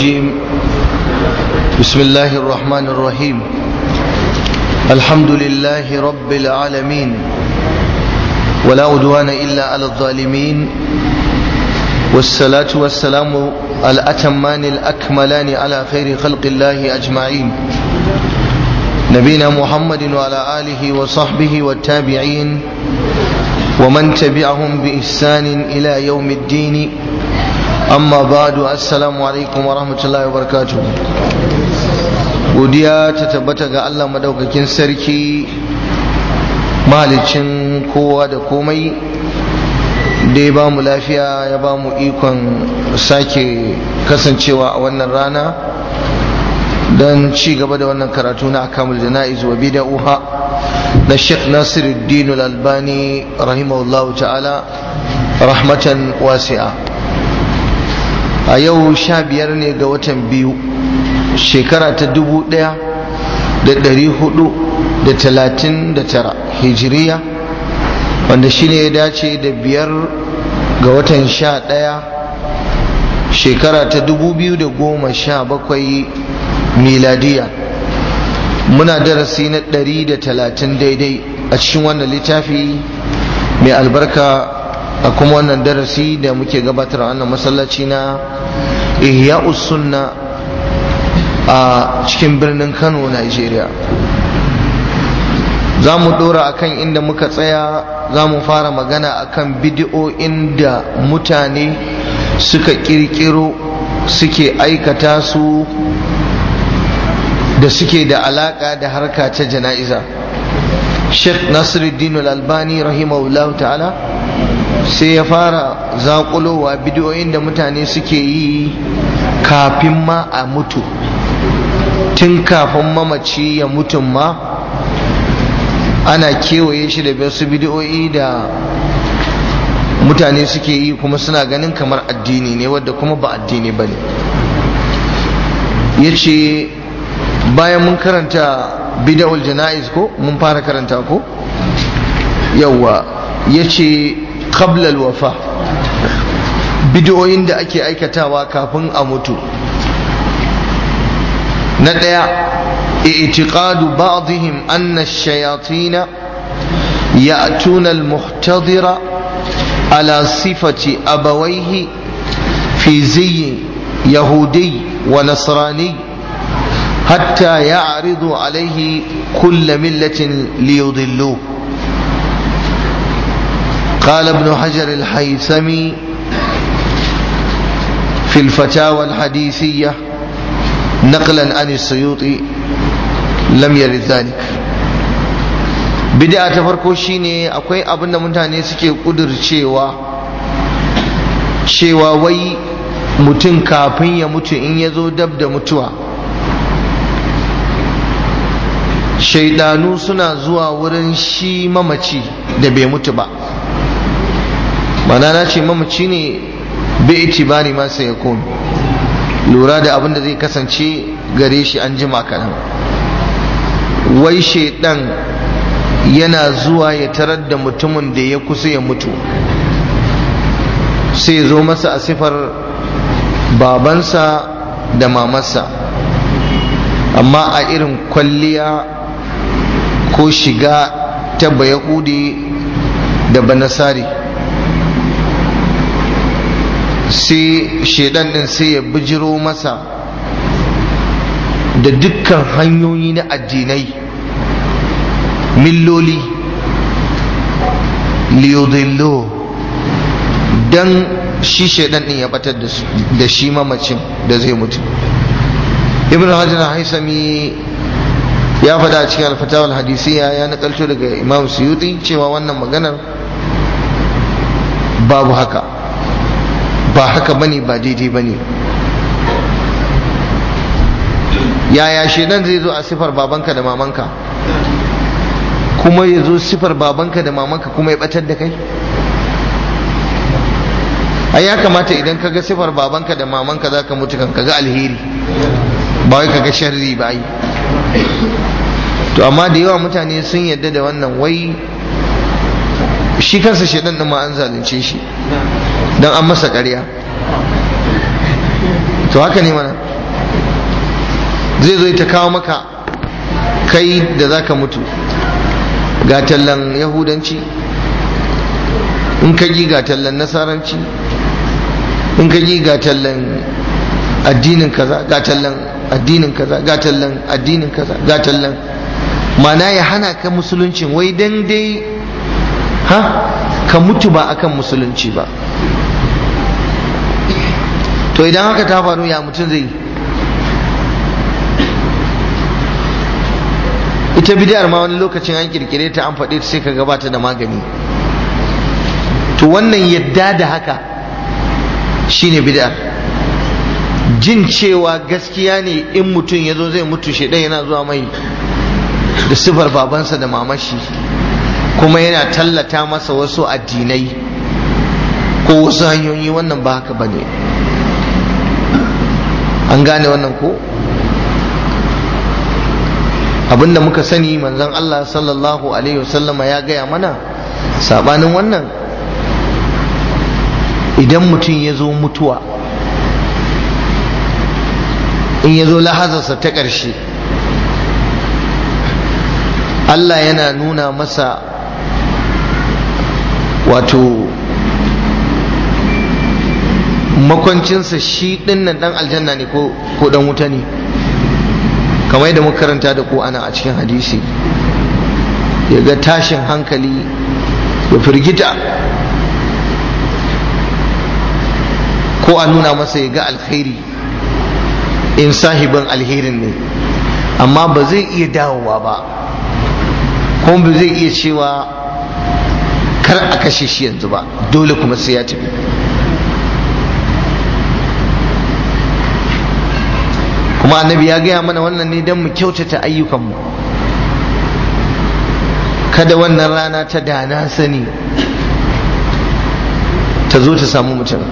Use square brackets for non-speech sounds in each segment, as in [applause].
الرجيم بسم الله الرحمن الرحيم الحمد لله رب العالمين ولا عدوان إلا على الظالمين والصلاة والسلام الأتمان الأكملان على خير خلق الله أجمعين نبينا محمد وعلى آله وصحبه والتابعين ومن تبعهم بإحسان إلى يوم الدين amma ba'du assalamu alaikum wa rahmatullahi wa barakatuh godiya ta tabbata ga Allah madaukakin sarki malicin kowa da komai da ya bamu lafiya ya bamu ikon sake kasancewa a wannan rana don ci gaba da wannan karatu na akamul jana'iz wa uha na Sheikh Nasiruddin Al-Albani rahimahullahu ta'ala rahmatan wasi'a a yau sha biyar ne ga watan biyu shekara ta dubu ɗaya da ɗari hudu da talatin da tara hijiriya wanda shine ya dace da biyar ga watan sha ɗaya shekara ta dubu biyu da goma sha bakwai miladiya muna darasi na ɗari da talatin daidai a cikin wannan littafi mai albarka a kuma wannan darasi da muke gabatar wannan masallaci na ihya sunna a cikin birnin kano nigeria za mu dora kan inda muka tsaya za mu fara magana a kan bidiyo da mutane suka kirkiro suke aikata su da suke da alaka da harka ta jana'iza sheikh nasiruddin al-albani rahimahullahu ta'ala sai ya fara zaƙulowa bidiyoyin da mutane suke yi kafin ma a mutu tun kafin mamaci ya mutum ma ana kewaye shi da wasu bidiyoyi da mutane suke yi kuma suna ganin kamar addini ne wadda kuma ba addini ba ne ya ce bayan mun karanta bida'ul jana'iz ko mun fara karanta ko yauwa ya ce qabla wafa bidiyoyin da ake aikatawa kafin a mutu na ɗaya i'tiqadu ba'dihim anna ash-shayatin ya'tuna al-muhtadira ala sifati abawayhi fi ziyyin yahudi wa nasrani hatta ya'ridu alayhi kull millatin liyudilluhu قال ابن حجر الحيثمي في الفتاوى الحديثية نقلا عن السيوطي لم ta farko shine akwai da mutane suke kudircewa cewa wai mutum kafin ya mutu in ya zo dab da mutuwa Shaiɗanu suna zuwa wurin shi mamaci da bai mutu ba mana na ce mamaci ne bi itibari ma sai komi. lura da abin da zai kasance gare shi an jima kaɗan wai shaidan yana zuwa ya tarar da mutumin da ya kusa ya mutu sai zo masa a sifar babansa da mamarsa amma a irin kwalliya ko shiga ta bayahudi da banasari sai shaidan din sai ya bijiro masa da dukkan hanyoyi na addinai milloli liyodillo don shi shaidan din ya batar da shi mamacin da zai mutu ibn hajjan haisami ya faɗa cikin alfatawar hadisiya ya nakalto daga imam suyuti cewa wannan maganar babu haka ba haka bane ba daidai bane yaya shedan zai zo a sifar babanka da mamanka kuma ya zo sifar babanka da mamanka kuma ya batar da kai ai ya kamata idan ka ga sifar babanka da mamanka za ka mutu kan kaga ga alheri ba wai ka ga sharri ba yi to amma da yawa mutane sun yadda da wannan wai shi kansa shedan din ma an zalunce shi don an masa ƙarya to haka ne mana zai zo ta kawo maka kai da za ka mutu ga tallan yahudanci in ka ji ga tallan nasaranci in ka ji ga tallan addinin kaza ga tallan addinin kaza ga tallan addinin kaza ga tallan mana ya hana ka musuluncin wai dan dai ha ka mutu ba akan musulunci ba to idan haka ta faru ya mutum zai ita bidiyar ma wani lokacin an kirkire ta an faɗe sai ka gabata da magani to wannan yadda da haka shine bid'ar jin cewa gaskiya ne in mutum ya zo zai mutu shi yana zuwa mai da sifar babansa da mamashi kuma yana tallata masa wasu addinai ko wasu hanyoyi wannan ba haka ba ne an gane wannan ko abinda muka sani manzon Allah sallallahu alaihi wasallama ya gaya mana sabanin wannan idan mutum ya zo mutuwa in ya zo lahazarsa ta ƙarshe Allah yana nuna masa wato makwancinsa shi dinnan dan aljanna ne ko dan wuta ne kamar yadda muka karanta da ku ana a cikin hadisi Yaga tashin hankali ya firgita ko a nuna masa ya ga alkhairi in sahibin alherin ne amma ba zai iya dawowa ba kuma ba zai iya cewa kar a kashe shi yanzu ba dole kuma sai ya tafi kuma annabi ya gaya mana wannan ne don mu kyautata ayyukanmu kada wannan rana ta dana sani ta zo ta samu mutum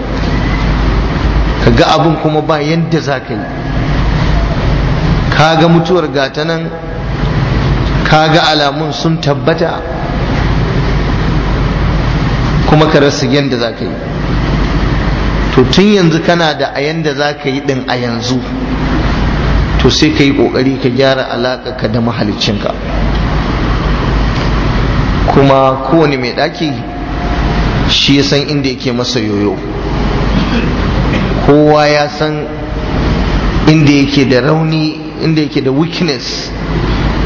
ka ga abin kuma ba yadda za ka yi ka ga mutuwar gata nan ka ga alamun sun tabbata kuma ka rasa yadda za ka yi to tun yanzu kana da a yanda za ka yi ɗin a yanzu to sai ka yi ƙoƙari ka gyara alaƙa ka da mahaliccinka kuma kowane mai ɗaki shi ya san inda yake masa yoyo kowa ya san inda yake da rauni inda yake da weakness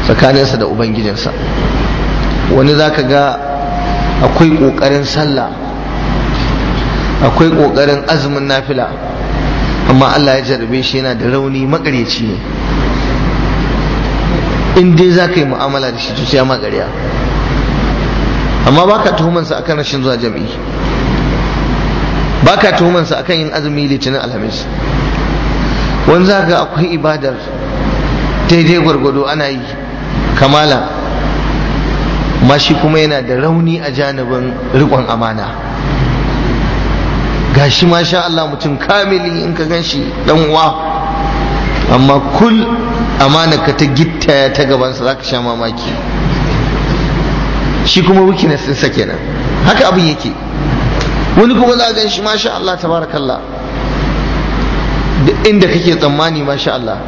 tsakaninsa da ubangijinsa wani za ka ga akwai ƙoƙarin sallah akwai ƙoƙarin azumin nafila amma Allah ya jarabe shi yana da rauni makaryaci ne in dai za ka yi mu'amala da shi to sai ma ƙarya amma baka ka sa akan rashin zuwa jam'i baka ka sa akan yin azumi litinin alhamis wani za ga akwai ibadar daidai gwargwado ana yi kamala amma shi kuma yana da rauni a janibin riƙon amana gashi ma sha Allah mutum kamili in ka gan shi dan uwa amma kul amana ka ta gittaya ta gabansa za ka sha mamaki shi kuma sun sake nan, haka abin yake wani kuma za a gan shi masha Allah tabarakallah duk inda kake tsammani masha Allah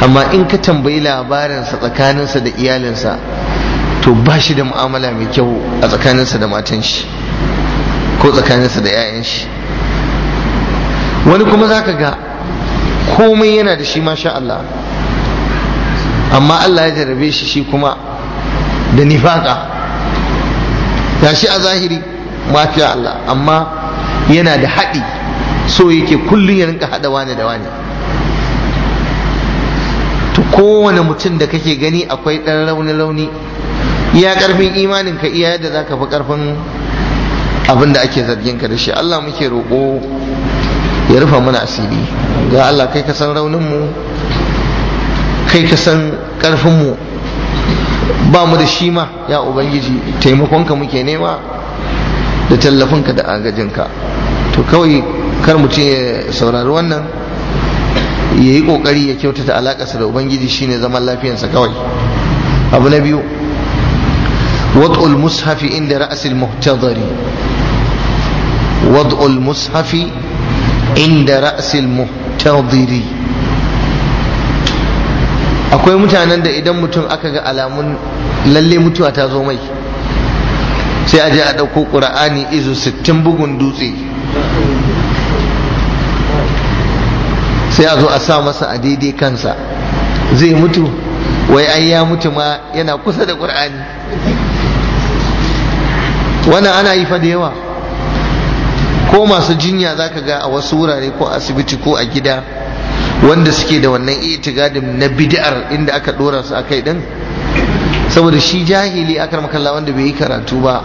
amma in ka tambayi labarinsa tsakaninsa da iyalinsa to ba shi da mu'amala mai kyau a tsakaninsa da matan shi ko tsakaninsa da 'ya'yan shi wani kuma za ka ga komai yana da shi masha Allah amma Allah ya jarabe shi shi kuma da nifaka ga shi a zahiri mafiya Allah amma yana da haɗi so yake kullum ya rinka haɗa wane da wane to kowane mutum da kake gani akwai ɗan rauni-rauni iya karfin imanin ka iya yadda zaka fi karfin abin da ake zargin ka da shi Allah muke roƙo ya rufa mana asiri ga Allah kai ka san raunin mu kai ka san karfin mu ba mu da shi ma ya ubangiji taimakonka muke nema da tallafinka da agajinka to kawai kar mutum ya saurari wannan ya yi ƙoƙari ya kyautata alakarsa da ubangiji shine zaman lafiyansa kawai abu na biyu وضع المصحف عند رأس المحتضر وضع المصحف عند رأس المحتضر akwai mutanen da idan mutum aka ga alamun lalle mutuwa ta zo mai sai a je a ɗauko ƙura'ani izu sittin bugun dutse sai a zo a sa masa a daidai kansa zai mutu wai ai ya mutu ma yana kusa da ƙur'ani wannan ana yi fa da yawa ko masu jinya za ka ga a wasu wurare ko asibiti ko a gida wanda suke da wannan itigadin na bid'ar inda aka dora su a kai din saboda shi jahili akar makalla wanda bai yi karatu ba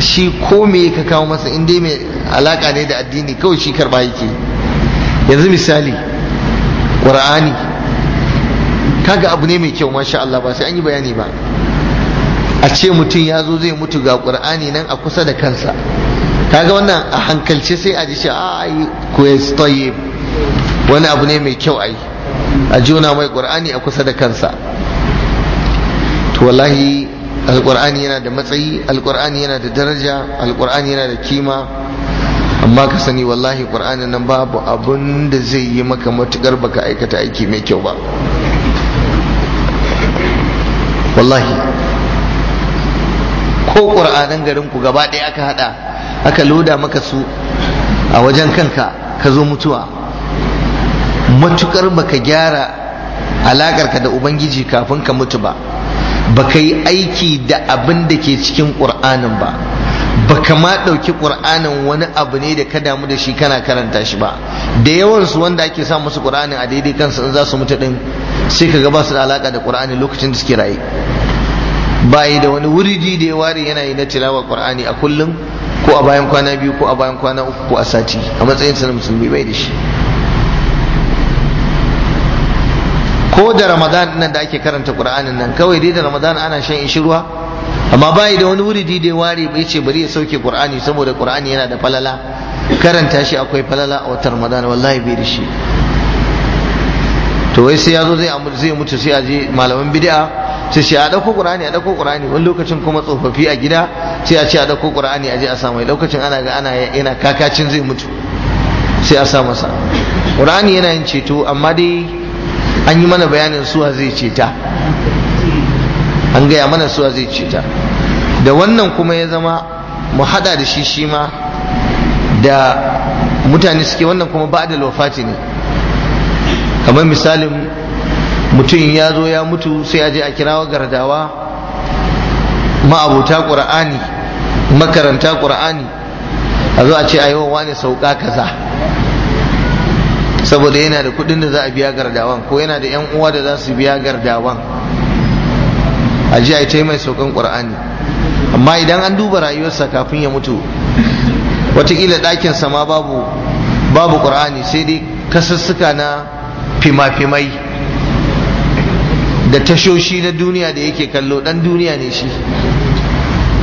shi ko me ka kawo masa inda mai alaka ne da addini kawai shi karba yake yanzu misali qur'ani kaga abu ne mai kyau masha Allah ba sai an yi bayani ba a ce mutum ya zo zai mutu ga ƙur'ani nan a kusa da kansa kaga wannan a hankalce sai a ji shi a yi kwestoyi wani abu ne mai kyau ai a jona mai ƙur'ani a kusa da kansa to wallahi Alƙur'ani yana da matsayi Alƙur'ani yana da daraja Alƙur'ani yana da kima amma ka sani wallahi ƙur'ani nan babu abun da zai yi maka matukar baka aikata aiki mai kyau ba wallahi ko ƙur'anin garin ku gaba ɗaya aka haɗa aka loda maka su a wajen kanka ka zo mutuwa matukar baka gyara alaƙarka da ubangiji kafin ka mutu ba baka yi aiki da abin da ke cikin ƙur'anin ba baka ma ɗauki ƙur'anin wani abu ne da ka damu da shi kana karanta shi ba da yawansu wanda ake sa musu ƙur'anin a daidai kansu in za su mutu ɗin sai ka ga ba su da alaƙa da ƙur'ani lokacin da suke raye bayi da wani wuridi da ya ware yana na tilawa qur'ani a kullum ko a bayan kwana biyu ko a bayan kwana uku ko a sati a matsayin sa na musulmi bai da shi ko da ramadan nan da ake karanta qur'anin nan kawai dai da ramadan ana shan ishirwa amma bayi da wani wuridi da ya ware bai ce bari ya sauke qur'ani saboda qur'ani yana da falala karanta shi akwai falala a watan ramadan wallahi bai da shi to wai sai ya zo zai mutu sai a je malaman bid'a sai a ɗauko qur'ani a ɗauko qur'ani wani lokacin kuma tsofaffi a gida sai a ce a ɗauko qur'ani a je a sa mai lokacin ana ga ana yana kakacin zai mutu sai a sa masa qur'ani yana yin ceto amma dai an yi mana bayanin suwa zai ceta an gaya mana suwa zai ceta da wannan kuma ya zama mu hada da shi shi ma da mutane suke wannan kuma ba da lofati ne kamar misalin mutum ya zo ya mutu sai aje a kirawa gardawa ma'abuta qur'ani makaranta qur'ani a zo a ce a yi wa ne sauka kaza saboda yana da kuɗin da za a biya gardawan ko yana da 'yan uwa da za su biya gardawan a ji a yi mai saukan ƙur'ani amma idan an duba rayuwarsa kafin ya mutu watakila ɗakinsa ma babu babu sai dai kasassuka na fima-fimai da tashoshi na duniya da yake kallo dan duniya ne shi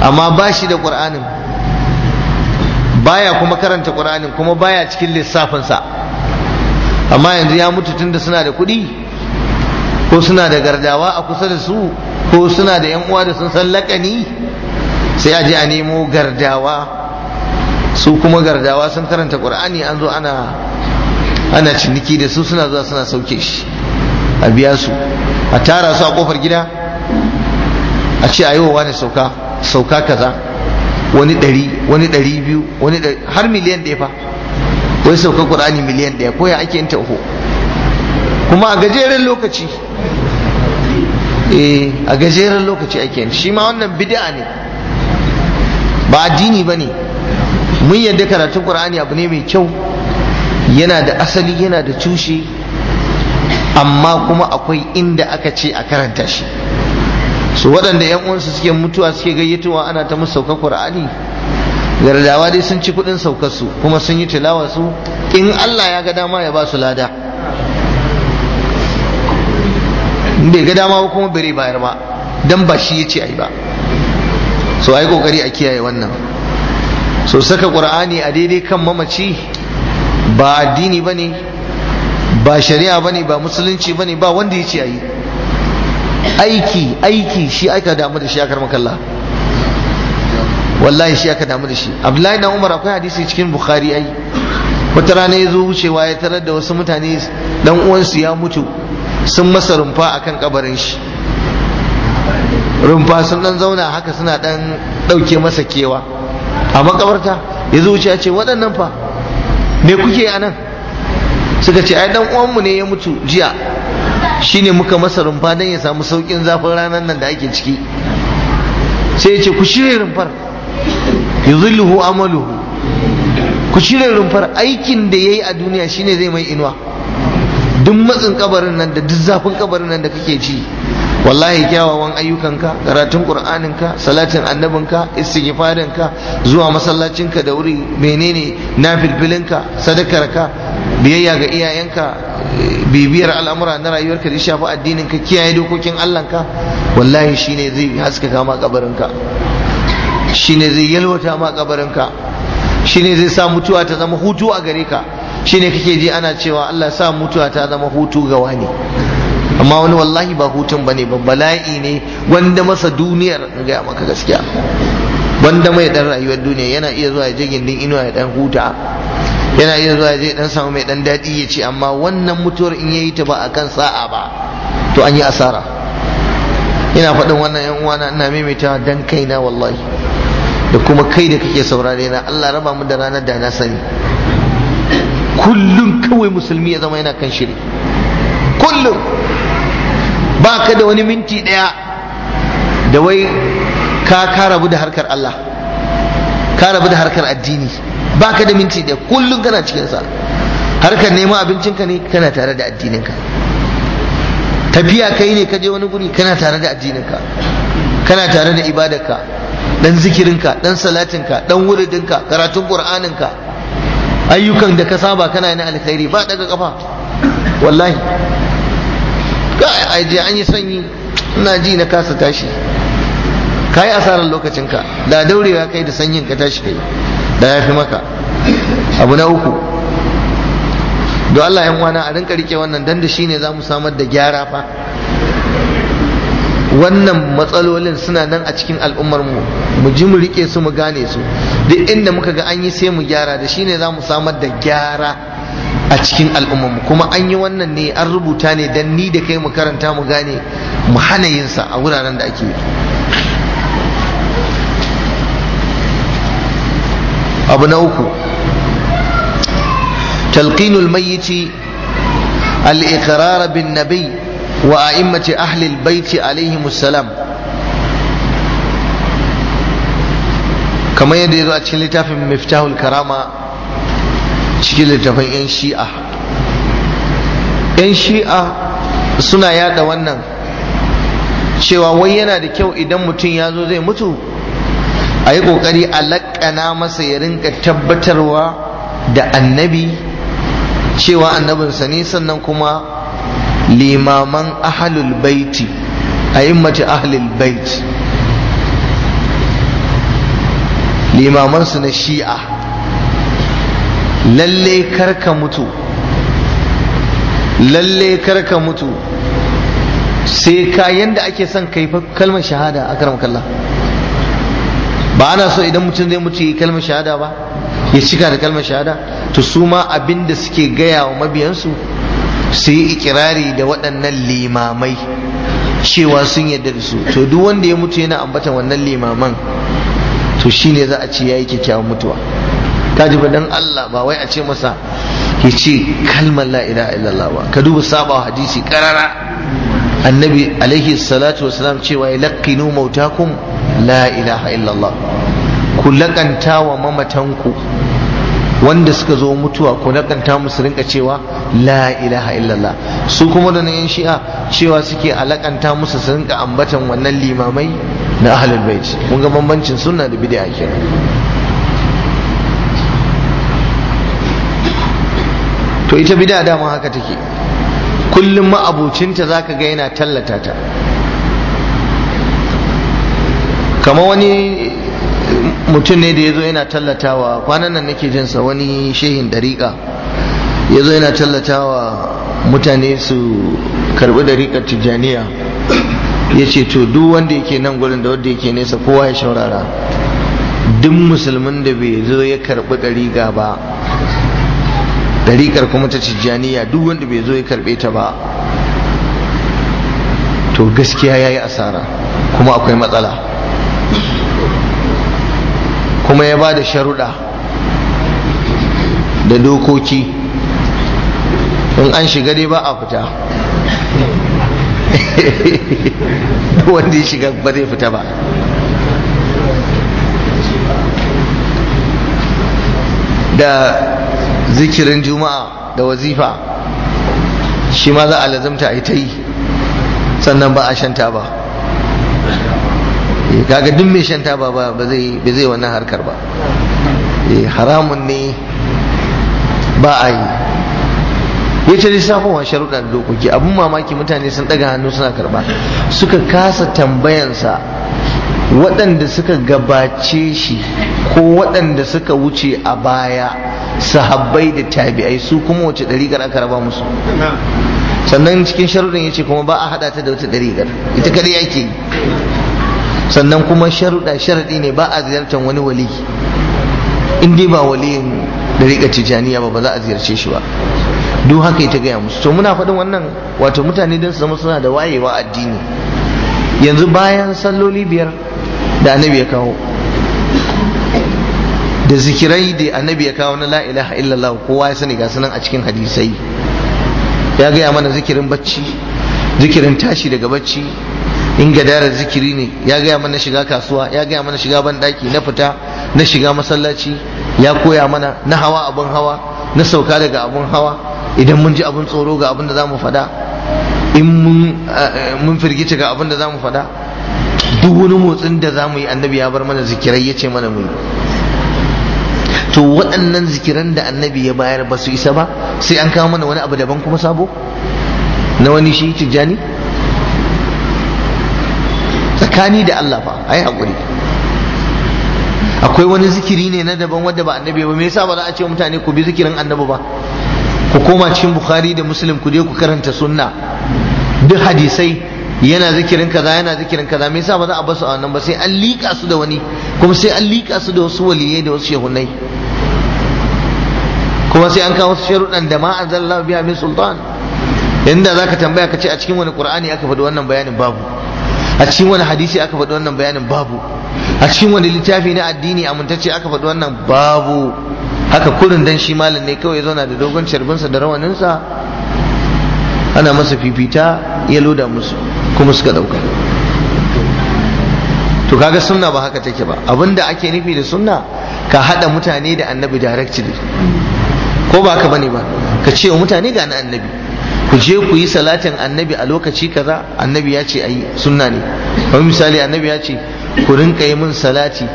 amma ba shi da ƙur'anin baya kuma karanta ƙur'anin kuma baya cikin lissafinsa amma yanzu ya mutu tunda suna da kuɗi ko suna da gardawa a kusa da su ko suna da 'yan uwa da sun sallaka ni, sai a je a nemo gardawa su kuma gardawa sun karanta ƙur'ani an zo ana ana ciniki da su suna zuwa suna sauke shi a biya su a tara su a kofar gida a ce ayi wa wani sauka sauka kaza wani ɗari wani ɗari biyu wani ɗari har miliyan ɗaya fa wai sauka ƙur'ani miliyan ɗaya ko ya ake yin taho kuma a gajeren lokaci eh a gajeren lokaci ake yin shi ma wannan bid'a ne ba addini ba ne mun yadda karatun ƙur'ani abu ne mai kyau yana da asali yana da tushe amma kuma akwai inda aka ce a karanta shi su waɗanda yan uwansu suke mutuwa suke gayyatuwa ana ta musu sauka qur'ani gardawa dai sun ci kuɗin saukar su kuma sun yi tilawa su in Allah ya ga dama ya ba su lada bai ga dama ba kuma bare bayar ba dan ba shi yace ai ba so ai kokari a kiyaye wannan so saka qur'ani a daidai kan mamaci ba addini bane ba shari'a bane ba musulunci bane ba wanda yace ayi aiki aiki shi aka damu da shi akar makalla wallahi shi aka damu da shi abdullahi na umar akwai hadisi cikin bukhari ai wata rana ya zo wucewa ya tarar da wasu mutane dan uwansu ya mutu sun masa rumfa akan kabarin shi rumfa sun dan zauna haka suna dan dauke masa kewa a makabarta ya zo wuce ya ce waɗannan fa me kuke a nan suka ce ai dan uwanmu ne ya mutu jiya shine muka masa rumfa dan ya samu saukin zafin ranar nan da ake ciki sai ya ce ku shirya rumfar yuzilluhu amaluhu ku shirya rumfar aikin da yayi a duniya shine zai mai inuwa duk matsin kabarin nan da duk zafin kabarin nan da kake ji wallahi kyawawan ayyukanka karatun qur'aninka salatin annabinka istighfarinka zuwa masallacinka da wuri menene na sadakarka biyayya ga iyayenka bibiyar al'amura na rayuwarka da shafi addininka kiyaye dokokin Allahnka wallahi shine zai haskaka ma kabarinka shine zai yalwata ma kabarinka shine zai sa mutuwa ta zama hutu a gare ka shine kake ji ana cewa Allah sa mutuwa ta zama hutu ga wani amma wani wallahi ba hutun bane ba bala'i ne wanda masa duniyar in gaya maka gaskiya wanda mai dan rayuwar duniya yana iya zuwa ya je gindin inuwa ya dan huta yana iya zuwa ya je dan samu mai dan daɗi ya ce amma wannan mutuwar in yayi ta ba akan sa'a ba to an yi asara ina faɗin wannan yan uwana ina maimaitawa dan kaina wallahi da kuma kai da kake saurare na Allah raba mu da ranar da na sani kullum kawai musulmi ya zama yana kan shiri kullum ba ka da wani minti ɗaya da wai ka ka rabu da harkar Allah ka rabu da harkar addini ba ka da minti ɗaya kullum kana cikinsa harkar neman abincinka ne kana tare da addininka tafiya kai ne ka je wani guri kana tare da addininka kana tare da ibadarka dan zikirinka dan salatinka dan wuridinka karatun qur'aninka ayyukan da ka saba kana yin alkhairi ba daga kafa wallahi ga aje an yi sanyi ina ji na kasa tashi kai asarar lokacinka da daurewa kai da sanyin ka tashi kai da yafi maka abu na uku don Allah yan wana a rinka rike wannan dan da shine zamu samar da gyara fa wannan matsalolin suna nan a cikin al'ummar mu mu ji mu rike su mu gane su duk inda muka ga an yi sai mu gyara da shi ne za mu samar da gyara a cikin al'ummar mu kuma an yi wannan ne an rubuta ne dan ni da kai mu karanta mu gane mu hana yin sa a wuraren da ake yi abu na uku talqinul mayyiti al-iqrar bin nabi wa a'immati ahli albayti alaihimus salam kamar yadda ya zo a cikin littafin miftahul karama cikin littafin 'yan shi'a 'yan shi'a suna yada wannan cewa wai yana da kyau idan mutum ya zo zai mutu Ayi yi ƙoƙari a laƙana masa ya rinka tabbatarwa da annabi cewa annabinsa ne sannan kuma limaman ahalul baiti a mace ahlul baiti. limaman su na shi'a lalle karka mutu lalle karka mutu sai ka yadda ake son kai kalmar shahada a kallah ba ana so idan mutum zai mutu yi kalmar shahada ba ya cika da kalmar shahada to su ma abin da suke gaya wa mabiyansu su yi ikirari da waɗannan limamai cewa sun yarda da su to duk wanda ya mutu yana ambata wannan limaman to shine za a ce ya yi kyakkyawan mutuwa kaji ba dan Allah ba wai a ce masa ya ce kalmar la ilaha illallah ba ka duba saba hadisi karara annabi alaihi salatu wasalam cewa ya laqinu mautakum la ilaha illallah ku laƙanta wa mamatanku wanda suka zo mutuwa ko kanta musu rinka cewa la ilaha illallah su kuma da 'yan shi'a cewa suke alakanta musu su rinka ambatan wannan limamai na ahlul bait mun ga bambancin sunna da bid'a kenan to ita bid'a dama haka take kullum ma'abucinta zaka ga yana tallata ta kama wani mutum ne da ya zo yana tallatawa kwanan nan nake jinsa wani shehin dariƙa ya zo yana tallatawa mutane su karbi dariƙar tijjaniya ya ce to duk wanda yake nan gurin da wanda yake nesa kowa ya shaurara duk musulmin da bai zo ya karbi dariƙa ba dariƙar kuma ta tijjaniya duk wanda bai zo ya karbe ta ba to gaskiya ya yi asara kuma akwai matsala kuma ya ba da sharuɗa da dokoki in an shiga dai ba a fita [laughs] wanda ya shiga ba zai fita ba da zikirin juma'a da wazifa shi ma za a lazimta a yi ta yi sannan ba a shanta ba kaga duk mai shan taba ba ba zai ba zai wannan harkar ba eh, haramun ne ba a yi ya ce wa sharuɗa da dokoki abin mamaki mutane sun ɗaga hannu suna karɓa suka kasa tambayansa waɗanda suka gabace shi ko waɗanda suka wuce a baya sahabbai da tabi'ai su kuma wace ɗariƙar aka raba musu sannan cikin sharuɗin ya ce kuma ba a haɗa ta da wata ɗariƙar ita kaɗai ake yi sannan kuma sharuɗa sharaɗi ne ba a ziyartar wani wali in dai ba waliyin da riƙa tijaniya ba ba za a ziyarce shi ba duk haka ita gaya musu to muna faɗin wannan wato mutane don su zama suna da wayewa addini yanzu bayan salloli biyar da annabi ya kawo da zikirai da annabi ya kawo na la'ilaha illallah kowa ya sani ga a cikin hadisai ya gaya mana zikirin bacci zikirin tashi daga bacci in gadara zikiri ne ya gaya mana shiga kasuwa ya gaya mana shiga banɗaki na fita na shiga masallaci ya koya mana na hawa abun hawa na sauka daga abun hawa idan mun ji abun tsoro ga abin da za mu faɗa in eh, mun firgita ga abin da za mu faɗa duk wani motsin da za mu yi annabi ya bar mana zikirai ya ce mana mu yi to waɗannan zikiran da annabi ya bayar ba su isa ba sai an kawo mana wani abu daban kuma sabo na wani shi tijjani tsakani da Allah fa ai hakuri akwai wani zikiri ne na daban wanda ba annabi ba me yasa ba za a ce mutane ku bi zikirin annabi ba ku koma cikin bukhari da muslim ku je ku karanta sunna duk hadisai yana zikirin kaza yana zikirin kaza me yasa ba za a basu a wannan ba sai an liƙa su da wani kuma sai an liƙa su da wasu waliyai da wasu shehunai kuma sai an kawo wasu sharuɗan da ma anzalallahu biha min sultan inda zaka tambaya ka ce a cikin wani qur'ani aka faɗi wannan bayanin babu a cikin wani hadisi aka faɗi wannan bayanin babu a cikin wani littafi na addini amintacce aka faɗi wannan babu haka kurin dan shi malam ne kawai zauna da dogon carbinsa da rawaninsa ana masa fifita ya loda musu kuma suka ɗauka to kaga sunna ba haka take ba abinda ake nufi da sunna ka haɗa mutane da annabi directly ko ba ka bane ba ka ce wa mutane ga na annabi ku je ku yi salatin annabi a lokaci kaza annabi ya ce ayi sunna ne kamar misali annabi ya ce ku rinka yi min salati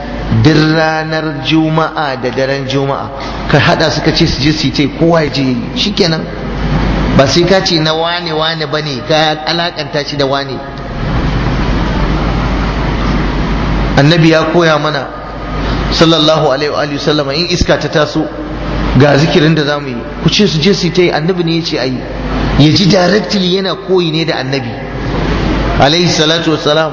duk ranar juma'a da daren juma'a ka hada suka ce su je su ce kowa ya je shikenan ba sai ka ce na wane wane bane ka alakanta shi da wane annabi ya koya mana sallallahu alaihi wa sallama in iska ta taso ga zikirin da zamu yi ku ce su je su annabi ne ya ce ayi ya ji directly yana koyi ne da annabi alaihi salatu wassalam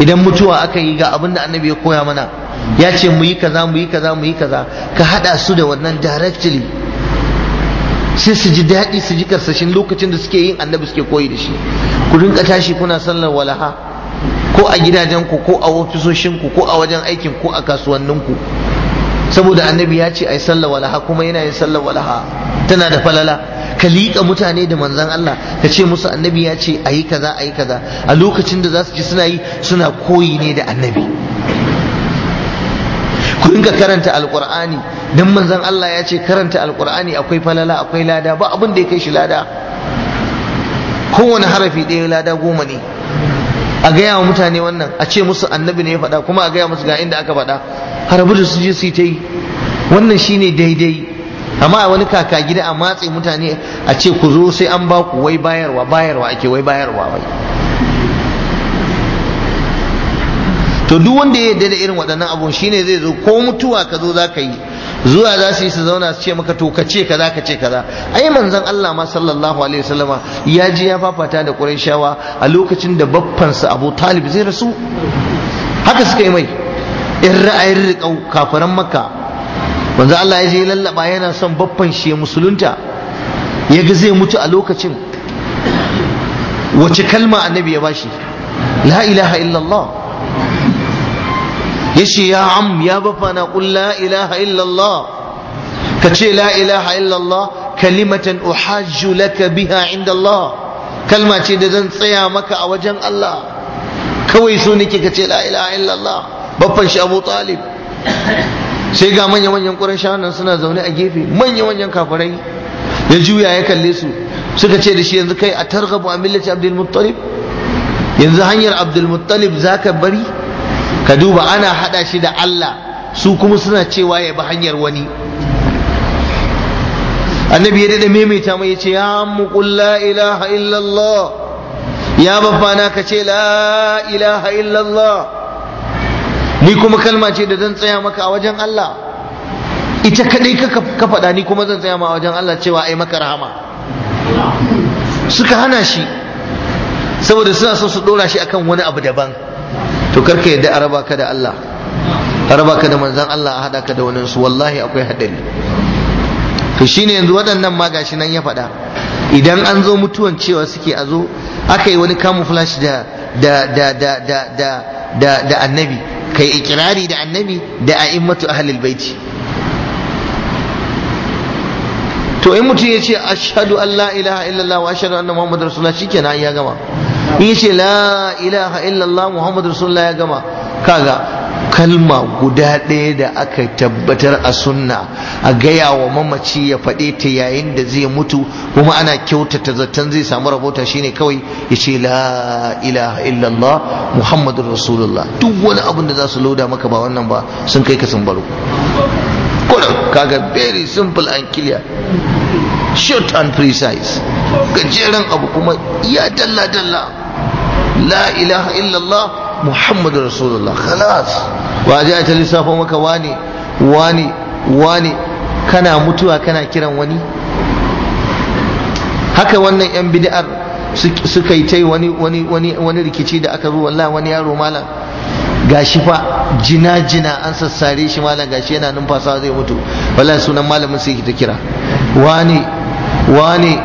idan mutuwa aka yi ga abinda annabi ya koya mana ya ce mu yi kaza mu yi kaza mu yi kaza ka hada su da wannan directly sai su ji daɗi su ji karsashin lokacin da suke yin annabi suke koyi da shi ku rinka tashi kuna sallar walaha ko a gidajenku ko a ofisoshinku ko a wajen aikin ko a kasuwanninku saboda annabi ya ce ai sallar walaha kuma yana yin sallar walaha tana da falala ka liƙa mutane da manzan Allah ka ce musu annabi ya ce ayi kaza ayi kaza a lokacin da za su ji suna yi suna koyi ne da annabi ku dinga karanta Alƙur'ani don manzan Allah ya ce karanta Alƙur'ani akwai falala akwai lada ba abin da ya kai shi lada kowane harafi ɗaya lada goma ne a gaya wa mutane wannan a ce musu annabi ne ya faɗa kuma a gaya musu ga inda aka faɗa harabu da su je su yi ta yi wannan shine daidai amma a wani kaka gida a matse mutane a ce ku zo sai an baku wai bayarwa bayarwa ake wai bayarwa wai to duk wanda ya yarda da irin waɗannan abun shine zai zo ko mutuwa ka zo za ka yi zuwa za su yi su zauna su ce maka to ka ce kaza ka ce kaza ai manzon Allah ma sallallahu alaihi wasallama ya ji ya fafata da Qurayshawa a lokacin da baffansa Abu Talib zai rasu haka suka yi mai in ra'ayin riƙau kafiran makka manzo Allah ya je lallaba yana son baffan shi musulunta ya ga zai mutu a lokacin wace kalma annabi ya bashi la ilaha illallah ya ce ya am ya bafa na qul la ilaha illallah ka ce la ilaha illallah kalimatan uhajju laka biha inda Allah kalma ce da zan tsaya maka a wajen Allah kawai so nake ka ce la ilaha illallah baffan shi Abu Talib sai ga manya-manyan ƙurashawan suna zaune a gefe manya-manyan kafirai ya juya ya kalle su suka ce da shi yanzu kai a targhabu a millati abdul muttalib yanzu hanyar abdul muttalib ka bari ka duba ana hada shi da Allah su kuma suna cewa ya bi hanyar wani annabi ya dade maimaita mai yace ya ammu la ilaha illallah ya na, ka ce la illallah ni kuma kalma ce da zan tsaya maka a wajen Allah ita kadai ka faɗa ni kuma zan tsaya ma a wajen Allah cewa ai maka rahama suka hana shi saboda suna so su dora shi akan wani abu daban to karka yadda araba ka da Allah araba ka da manzon Allah a hada ka da wani su wallahi akwai haɗari to shine yanzu waɗannan ma gashi nan ya faɗa idan an zo mutuwan cewa suke a zo aka yi wani camouflage da da da da da da annabi kai ikirari da annabi da a'immatu ahlul baiti to in mutum ya ce ashhadu an la ilaha illallah wa ashhadu anna muhammadar rasulullah shikenan ya gama in ya ce la ilaha illallah muhammadar rasulullah ya gama kaga kalma guda ɗaya da aka tabbatar a sunna a gaya wa mamaci ya faɗe ta yayin da zai mutu kuma ana kyautata zaton zai samu rabota shine kawai ya ce la ilaha illallah muhammadun rasulullah duk wani abin da za su lauda maka ba wannan ba sun kai ka sun baro kullum kaga very simple and clear short and precise gajeren abu kuma ya dalla dalla la ilaha illallah muhammadu rasulullah khalas ba a ta lissafo maka واني واني wani kana mutuwa kana kiran wani haka wannan yan bid'ar suka yi tai wani wani wani wani rikici da aka zo wallahi wani yaro malam gashi fa jina jina an sassare shi malam gashi yana numfasawa zai mutu wallahi sunan malamin sai ta kira wani wani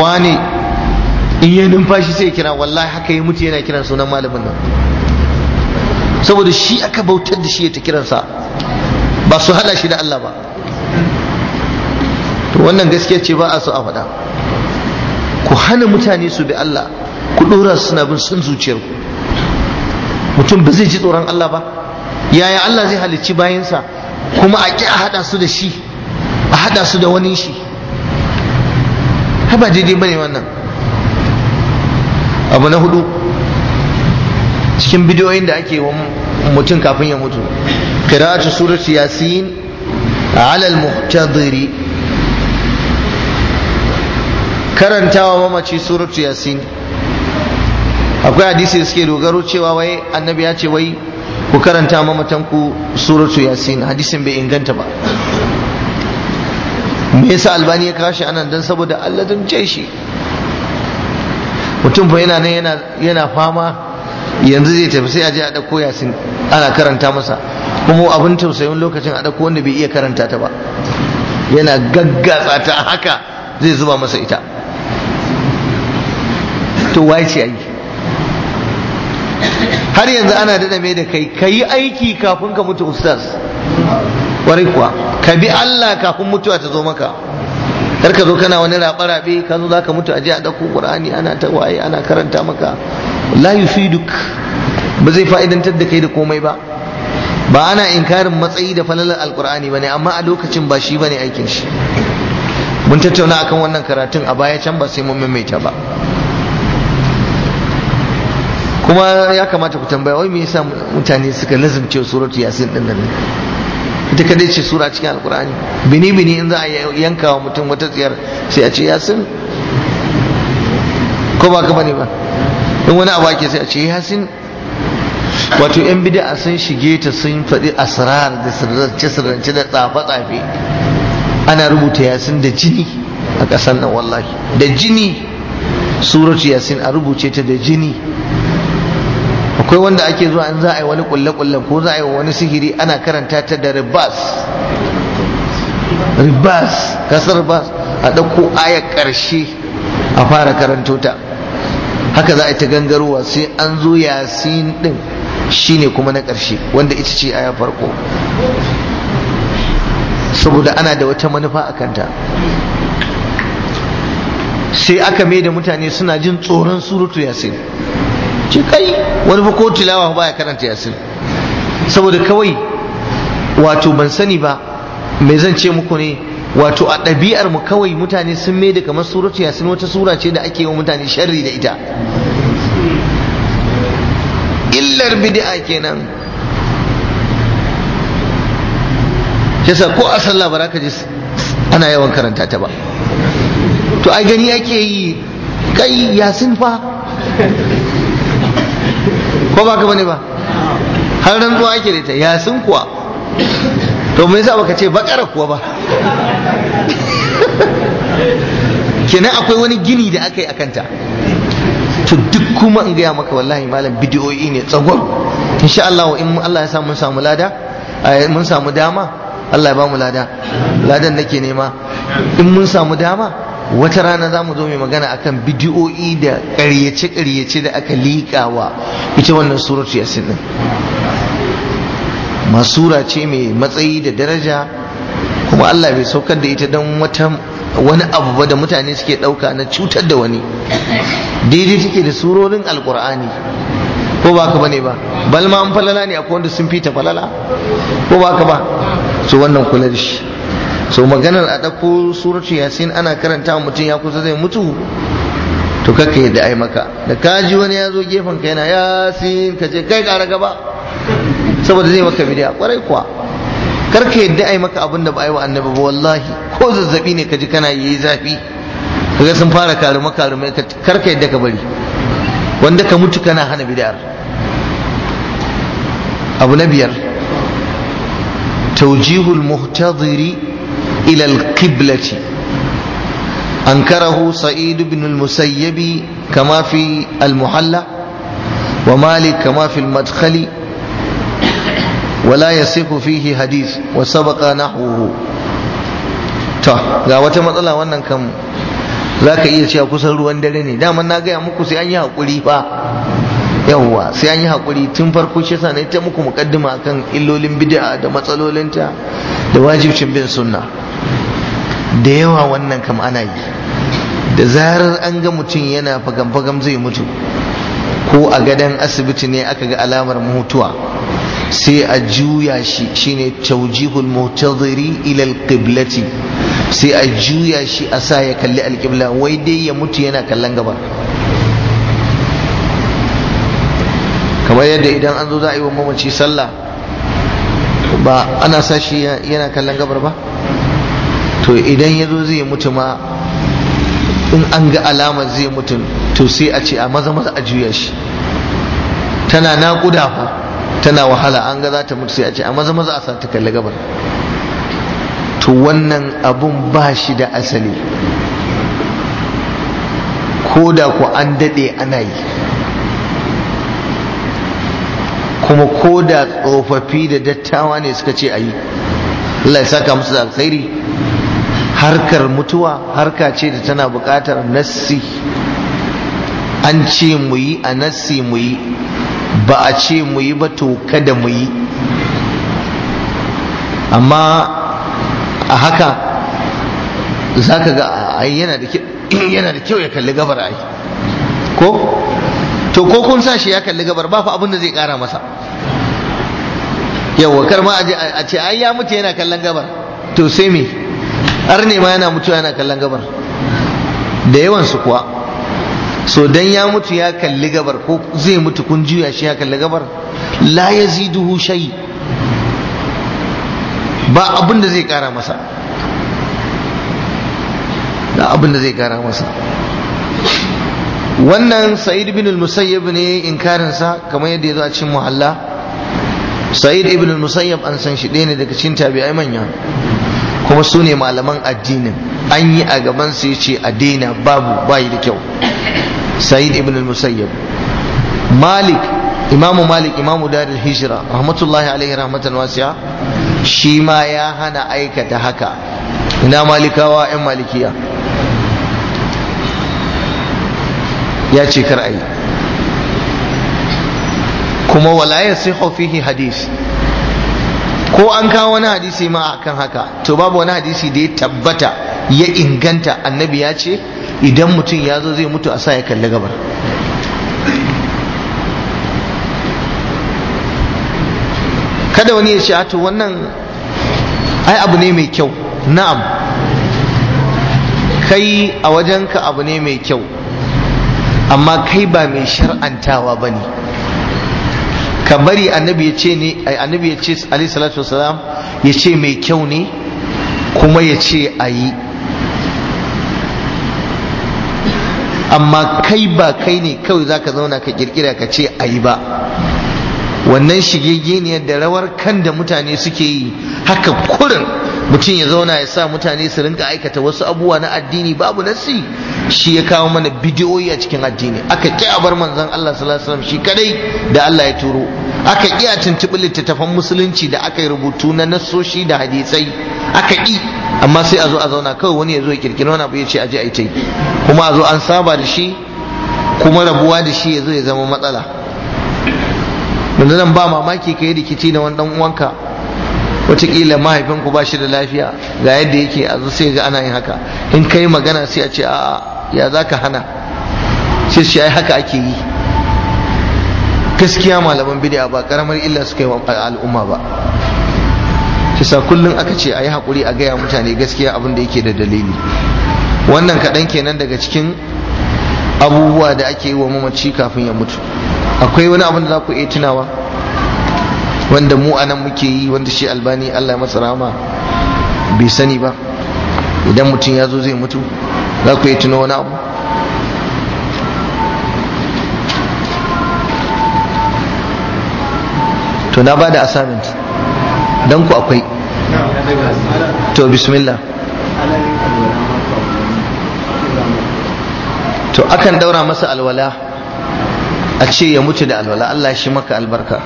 wani in yi numfashi sai kira wallahi haka ya mutu yana kiran sunan malamin nan saboda shi aka bautar da shi ya ta kiransa ba su hada shi da Allah ba to wannan gaskiya ce ba a so a faɗa ku hana mutane su bi Allah ku ɗora su suna bin sun zuciyar ku mutum ba zai ji tsoron Allah ba yaya Allah zai halicci bayansa kuma a ƙi a haɗa su da shi a haɗa su da wani shi haba daidai bane wannan abu na hudu cikin bidiyoyin da ake wa mutum kafin ya mutu qira'atu surati yasin ala al-muhtadiri karantawa mamaci suratu yasin akwai hadisi da suke dogaro cewa wai annabi ya ce wai ku karanta ku suratu yasin hadisin bai inganta ba me yasa albani ya kashi anan dan saboda Allah dun ce mutum fa yana nan yana yana fama yanzu zai tafi sai a je a ɗauko yasin ana karanta masa kuma abin tausayin lokacin a ɗauko wanda bai iya karanta ta ba yana gaggatsa ta haka zai zuba masa ita to wai ce ai har yanzu ana daɗa mai da kai ka yi aiki kafin ka mutu ustaz ƙwarai kuwa ka bi Allah kafin mutuwa ta zo maka kar ka zo kana wani rabe raɓe ka zo zaka mutu aje a ɗauko qur'ani ana ta waye ana karanta maka la yufiduk ba zai fa'idantar da kai da komai ba ba ana inkarin matsayi da falalar alqur'ani bane amma a lokacin ba shi bane aikin shi mun tattauna akan wannan karatun a baya can ba sai mun maimaita ba kuma ya kamata ku tambaya wai me yasa mutane suka lazumce suratu yasin din nan ita kadai ce sura cikin alkur'ani bini bini in za a yanka wa mutum wata tsiyar sai a ce yasin ko ba ka bane ba in wani abu ake sai a ce yasin wato yan bid'a sun shige ta sun faɗi asrar da sirrance sirrance da tsafe tsafe ana rubuta yasin da jini a ƙasar nan wallahi da jini suratu yasin a rubuce ta da jini akwai wanda ake zuwa in za a yi wani kulle-kulle ko za a yi wani sihiri ana karanta ta da ribas ribas kasar ribas a ɗauko ayar ƙarshe a fara karanto ta haka za a yi ta gangarowa sai an zo yasin ɗin ne kuma na ƙarshe wanda ita ce aya farko saboda ana da wata manufa a kanta sai aka mai da mutane suna jin tsoron surutu yasin ce kai wani fa ko tilawa ya karanta yasin saboda kawai wato ban sani ba me zan ce muku ne wato a ɗabi'ar mu kawai mutane sun mai da kamar suratu yasin wata sura ce da ake yi wa mutane sharri da ita illar bid'a kenan yasa ko a sallah ba ji ana yawan karanta ta ba to ai gani ake yi kai yasin fa ba ba ka bane ba har rantsuwa ake da ita ya sun kuwa to me yasa baka ce bakara kuwa ba kenan akwai wani gini da aka yi a kanta to duk kuma in gaya maka wallahi malam bidiyoyi ne tsagon insha Allah in Allah ya sa mun samu lada mun samu dama Allah ya ba mu lada ladan nake nema in mun samu dama wata rana za mu zo mai magana akan bidiyo'i da ƙaryace-ƙaryace da aka liƙawa ita wannan suratu yasin din masura ce mai matsayi da daraja kuma Allah bai saukar da ita don wani abu ba da mutane suke ɗauka na cutar da wani daidai take da surorin alkur'ani ko ba ka bane ba balma an falala ne akwai wanda sun fita falala ko ba ka ba su wannan kula da shi so maganar a ɗauko suratu yasin ana karanta mutum ya kusa zai mutu to kake yadda ai maka da kaji wani ya zo gefen ka yana yasin ka ce kai ƙara gaba saboda zai maka bidiya kwarai kuwa karka yadda ai maka abin da ba ai wa annabi ba wallahi ko zazzabi ne kaji kana yi zafi kaga sun fara karuma Kar karka yadda ka bari wanda ka mutu kana hana bidiyar abu na biyar taujihul muhtadiri إلى القبلة أنكره سعيد بن المسيب كما في المحلة ومالك كما في المدخل ولا يصح فيه حديث وسبق نحوه ga wata matsala wannan kan za ka iya cewa kusan ruwan dare ne daman na gaya muku sai an yi haƙuri fa yawwa sai an yi hakuri tun farko shi sa na ta muku mukaddima kan illolin bid'a da matsalolinta da wajibcin bin sunna da yawa wannan kam ana yi da zarar an ga mutum yana fagam-fagam zai mutu ko a gadon asibiti ne aka ga alamar mutuwa sai a juya shi shine taujihul mutadhiri ila alqiblati sai a juya shi a sa ya kalli alqibla wai dai ya mutu yana kallon gaba kamar yadda idan an zo za a yi wa mamaci sallah ba ana sa shi yana kallon gabar ba to idan ya zo zai mutu ma in an ga alamar zai mutu to sai a ce a maza maza a juya shi tana naƙuda fa tana wahala an ga za ta mutu sai a ce a maza maza a sa ta kalli gabar to wannan abun ba shi da asali ko da ku an daɗe ana yi kuma ko da tsofaffi da dattawa ne suka ce a yi Allah ya saka musu alkhairi harkar mutuwa harka ce da tana buƙatar nassi an ce mu yi a nassi mu yi ba a ce mu yi ba to kada mu yi amma a haka za ka ga [clears throat] yana da kyau ya kalli gabar ai ko to ko kun sa shi ya kalli gabar ba fa abin da zai kara masa yawa kar ma a ce ai ya mutu yana kallon gabar to sai me har ne ma yana mutu yana kallon gabar da yawan su kuwa so dan ya mutu ya kalli gabar ko zai mutu kun juya shi ya kalli gabar la yaziduhu shay ba abin da zai kara masa da abin da zai kara masa wannan sa'id ibn al-musayyib ne inkarin sa kamar yadda yazo a cikin muhalla sa'id ibn al-musayyib an san shi ne daga cikin tabi'ai manya kuma su ne malaman addinin an yi a gaban su yace a daina babu bai da kyau sa'id ibn al-musayyib malik imamu malik imamu darul hijra rahmatullahi alaihi rahmatan wasi'a shi ma ya hana aikata haka ina malikawa yan malikiya ya ce kar a yi kuma walayar ya fihi hadis ko an kawo wani hadisi ma akan haka to babu wani hadisi da ya tabbata ya inganta annabi ya ce idan mutum ya zo zai mutu a sa ya kalli gabar kada wani ya ce a to wannan ai abu ne mai kyau na'am kai a wajenka abu ne mai kyau amma kai ba mai shar'antawa ba ne ka bari annabi ya ce ne annabi ya ce alaihi salatu wasalam ya ce mai kyau ne kuma ya ce a yi amma kai ba kai ne kawai za ka zauna ka kirkira ka ce a yi ba wannan shigege ne da rawar kan da mutane suke yi haka kurin mutum ya zauna ya sa mutane su rinka aikata wasu abubuwa na addini babu nasi shi ya kawo mana bidiyoyi a cikin addini aka ƙi a bar manzon Allah sallallahu alaihi shi kadai da Allah ya turo aka ƙi a tuntuɓi littattafan musulunci da aka yi rubutu na nasoshi da hadisai aka ƙi amma sai a zo a zauna kawai wani ya zo ya kirkiri wani abu ya ce a je a yi ta yi kuma a zo an saba da shi kuma rabuwa da shi ya zo ya zama matsala yanzu nan ba mamaki ka yi rikici da wani dan uwanka watakila mahaifinku ba shi da lafiya ga yadda yake a sai ga ana yin haka in kai magana sai a ce a ya za ka hana sai su ai haka ake yi gaskiya malaman bidiya ba karamar illa suka yi al'umma ba sa kullum aka ce a yi haƙuri a gaya mutane gaskiya abin da yake da dalili wannan kaɗan kenan daga cikin abubuwa da ake yi wa mamaci kafin ya mutu akwai wani abin da za ku iya tunawa wanda mu a nan muke yi wanda shi albani Allah ya masa rahama bai sani ba idan mutum ya zo zai mutu za ku yi tuno wani abu to na bada assignment dan ku akwai to bismillah to akan daura masa alwala a ce ya mutu da alwala Allah shi maka albarka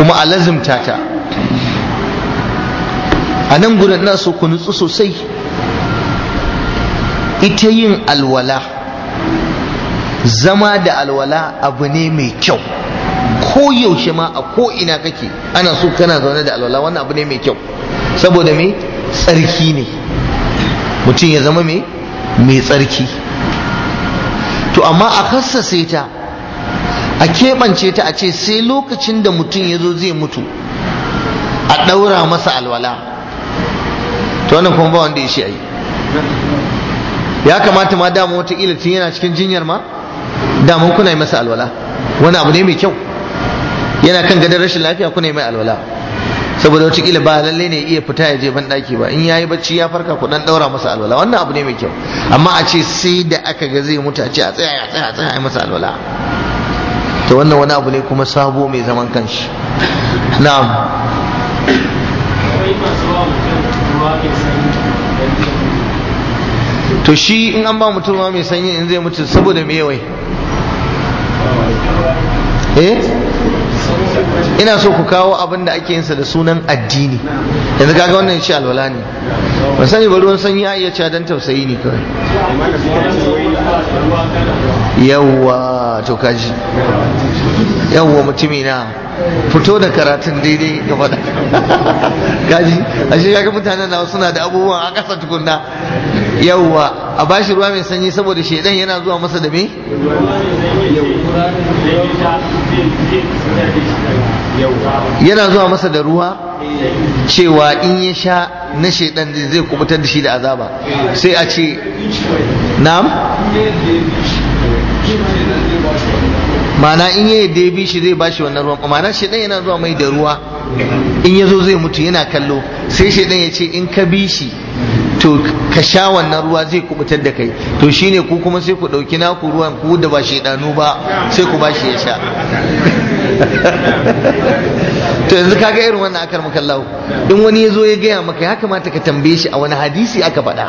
kuma a lazimta ta a nan gudun na so ku nutsu sosai ita yin alwala zama da alwala abu ne mai kyau ko yaushe ma a ko ina kake ana so kana zaune da alwala wannan abu ne mai kyau saboda mai tsarki ne mutum ya zama mai tsarki to amma a sai ta a keɓance ta a ce sai lokacin da mutum ya zo zai mutu a ɗaura masa alwala to wannan kuma ba wanda ya shi yi. ya kamata ma dama wata ila tun yana cikin jinyar ma Damu kuna yi masa alwala wani abu ne mai kyau yana kan gadon rashin lafiya kuna yi mai alwala saboda wata kila ba lalle ne iya fita ya je ban daki ba in ya yi bacci ya farka ku dan daura masa alwala wannan abu ne mai kyau amma a ce sai da aka ga zai mutu a ce a tsaya a tsaya a tsaya a masa alwala to wannan wani abu ne kuma sabo mai zaman kanshi na'am to shi in an ba mutum ruwa mai sanyi in zai mutu saboda me yawai eh ina so ku kawo abin da ake yinsa da sunan addini yanzu kaga wannan shi alwala ne ban sani ba ruwan sanyi a iya cewa dan tausayi ne kawai yawwa to kaji yawwa mutumina fito da karatun daidai ga faɗa [laughs] kaji ashe kaga mutanen na suna da abubuwan a ƙasa tukunna yawwa a bashi ruwa mai sanyi saboda shedan yana zuwa masa da me yana zuwa masa da ruwa cewa in ya sha na shaidan zai kubutar da shi da azaba sai a ce na'am mana in ya da shi zai bashi wannan ruwan mana shaidan yana zuwa mai da ruwa in ya zo zai mutu yana kallo sai shaidan ya ce in ka bi shi to ka sha wannan ruwa zai kubutar da kai to shine ku kuma sai ku ɗauki naku ruwan ku da ba shaidanu ba sai ku ba shi ya sha [laughs] to yanzu kaga irin wannan akar maka Allah in wani yazo ya gaya maka ya kamata ka tambaye shi a wani hadisi aka faɗa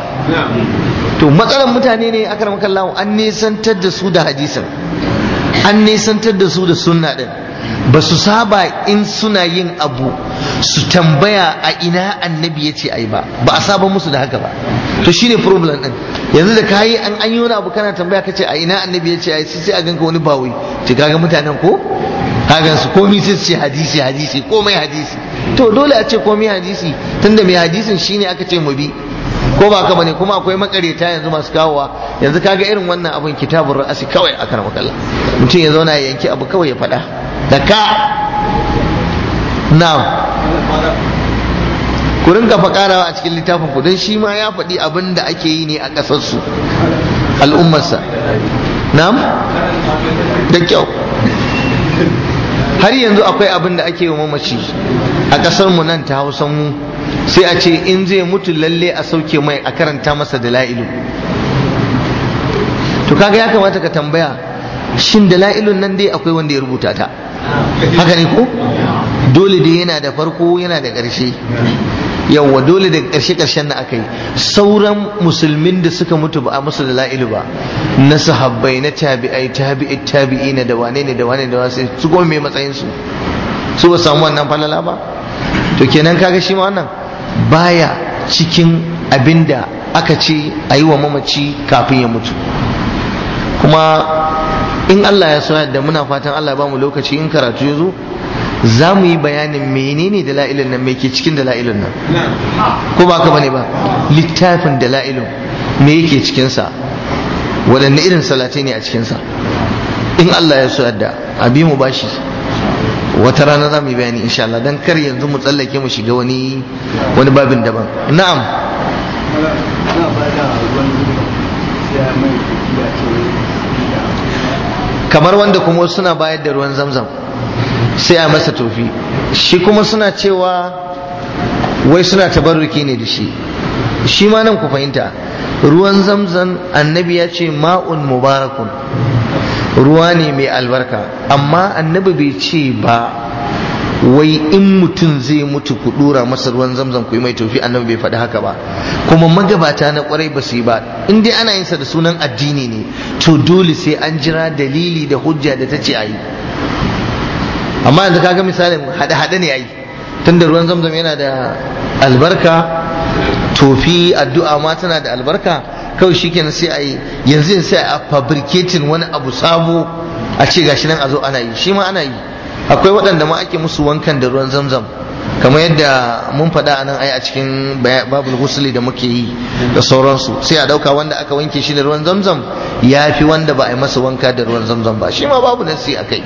to matsalar mutane ne akar maka Allah an nisantar da su da hadisin an nisantar da su da sunna din ba su saba in suna yin abu su tambaya a ina annabi ya ce ai ba ba a saba musu da haka ba to shine problem din yanzu da kayi an an yi wani abu kana tambaya kace a ina annabi ya ce ai sai a ganka wani bawai ce kaga mutanen ko kaga su komai sai su ce hadisi hadisi komai hadisi to dole a ce komai hadisi tunda mai hadisin shine aka ce mu bi ko ba haka bane kuma akwai makareta yanzu masu kawowa yanzu kaga irin wannan abin kitabun ra'asi kawai a karamar kallon mutum ya zauna ya yanki abu kawai ya faɗa da ka na ku rinka fakarawa a cikin littafin ku don shi ma ya faɗi abin da ake yi ne a ƙasarsu al'ummarsa na'am da kyau har yanzu akwai abin da ake yi mamaci a ƙasar mu nan ta hausa mu sai a ce in zai mutu lalle a sauke mai a karanta masa dala'ilu to kaga ya kamata ka tambaya shin la'ilun nan dai akwai wanda ya rubuta ta haka ne ko dole dai yana da farko yana da ƙarshe yawwa dole da ƙarshe ƙarshen na aka yi sauran musulmin da suka mutu ba a musu da la'ilu ba na sahabbai na tabi'ai tabi'i tabi'i na da ne da wane da wasu su kuma mai matsayin su su ba samu wannan falala ba to kenan kaga shi ma wannan baya cikin abinda aka ce a yi wa mamaci kafin ya mutu kuma in Allah ya so yadda muna fatan Allah ba mu lokaci in karatu ya zo za mu yi bayanin menene dala'ilin nan me ke cikin dala'ilin nan ko ba ka bane ba littafin dala'ilin me yake cikinsa Wadanne irin salati ne a cikinsa in Allah ya so yadda abi mu bashi wata rana za mu yi bayani insha Allah dan kar yanzu mu tsallake mu shiga wani wani babin daban na'am kamar wanda kuma suna bayar da ruwan zamzam sai a masa tofi shi kuma suna cewa wai suna tabarruki ne da shi shi ma nan ku fahimta ruwan zamzam annabi ya ce ma'un mubarakun ruwa ne mai albarka amma annabi bai ce ba wai in mutum zai mutu ku dura masa ruwan zamzam ku yi mai tofi annabi bai faɗi haka ba kuma magabata na kwarai ba su yi ba in dai ana yin sa da sunan addini ne to dole sai an jira dalili da hujja da ta ce a yi amma yanzu kaga misalin haɗe-haɗe ne a tunda ruwan zamzam yana da albarka tofi addu'a ma tana da albarka kawai shi kenan sai a yi yanzu sai a fabricating wani abu sabo a ce gashi nan a zo ana yi shi ma ana yi akwai waɗanda ma ake musu wankan da ruwan zamzam kamar yadda mun faɗa a nan ai a cikin babul husli da muke yi da sauransu sai a ɗauka wanda aka wanke shi da ruwan zamzam ya fi wanda ba a yi masa wanka da ruwan zamzam ba shi ma babu sai a kai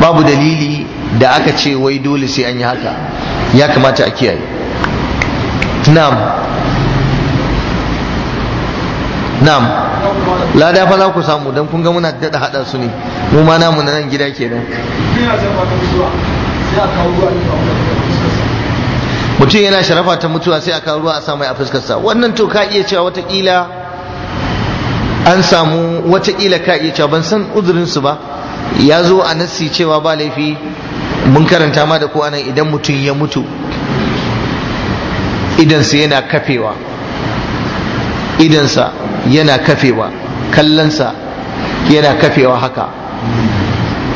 babu dalili da aka ce wai dole sai an yi haka ya kamata a kiyaye na'am na'am lada fa za ku samu don kun ga muna daɗa haɗa su ne mu ma namu na nan gida kenan mutum yana sharafa ta mutuwa sai a kawo ruwa a sa mai a fuskarsa wannan to ka iya cewa watakila an samu watakila ka iya cewa ban san uzurin su ba ya zo a nassi cewa ba laifi mun karanta ma da ko anan idan mutum ya mutu su yana kafewa idansa yana kafewa kallonsa yana kafewa haka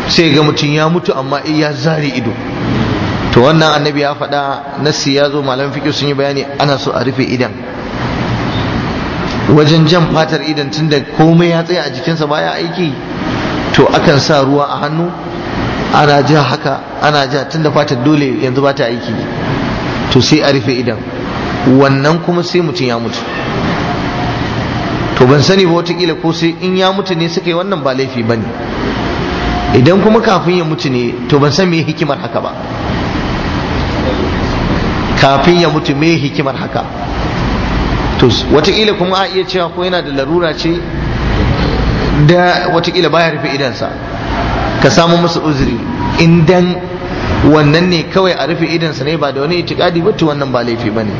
sai ga mutum ya mutu amma eh ya zare ido to wannan annabi ya faɗa na ya zo malam fiƙi sun yi bayani ana so a rufe idan wajen jan fatar idan tunda komai ya tsaya a jikinsa baya aiki to akan sa ruwa a hannu ana ja haka ana ja tunda fatar dole yanzu ba ta aiki to sai a rufe idan wannan kuma sai mutum ya mutu to ban sani ba watakila ko sai in ya mutu ne suka yi wannan ba laifi bane idan kuma kafin ya mutu ne to ban san me hikimar haka ba kafin ya mutu me hikimar haka to watakila kuma a iya cewa ko yana da larura ce da watakila baya rufe idansa ka samu musu uzuri idan wannan ne kawai a rufe idansa ne ba da wani itikadi ba to wannan ba laifi bane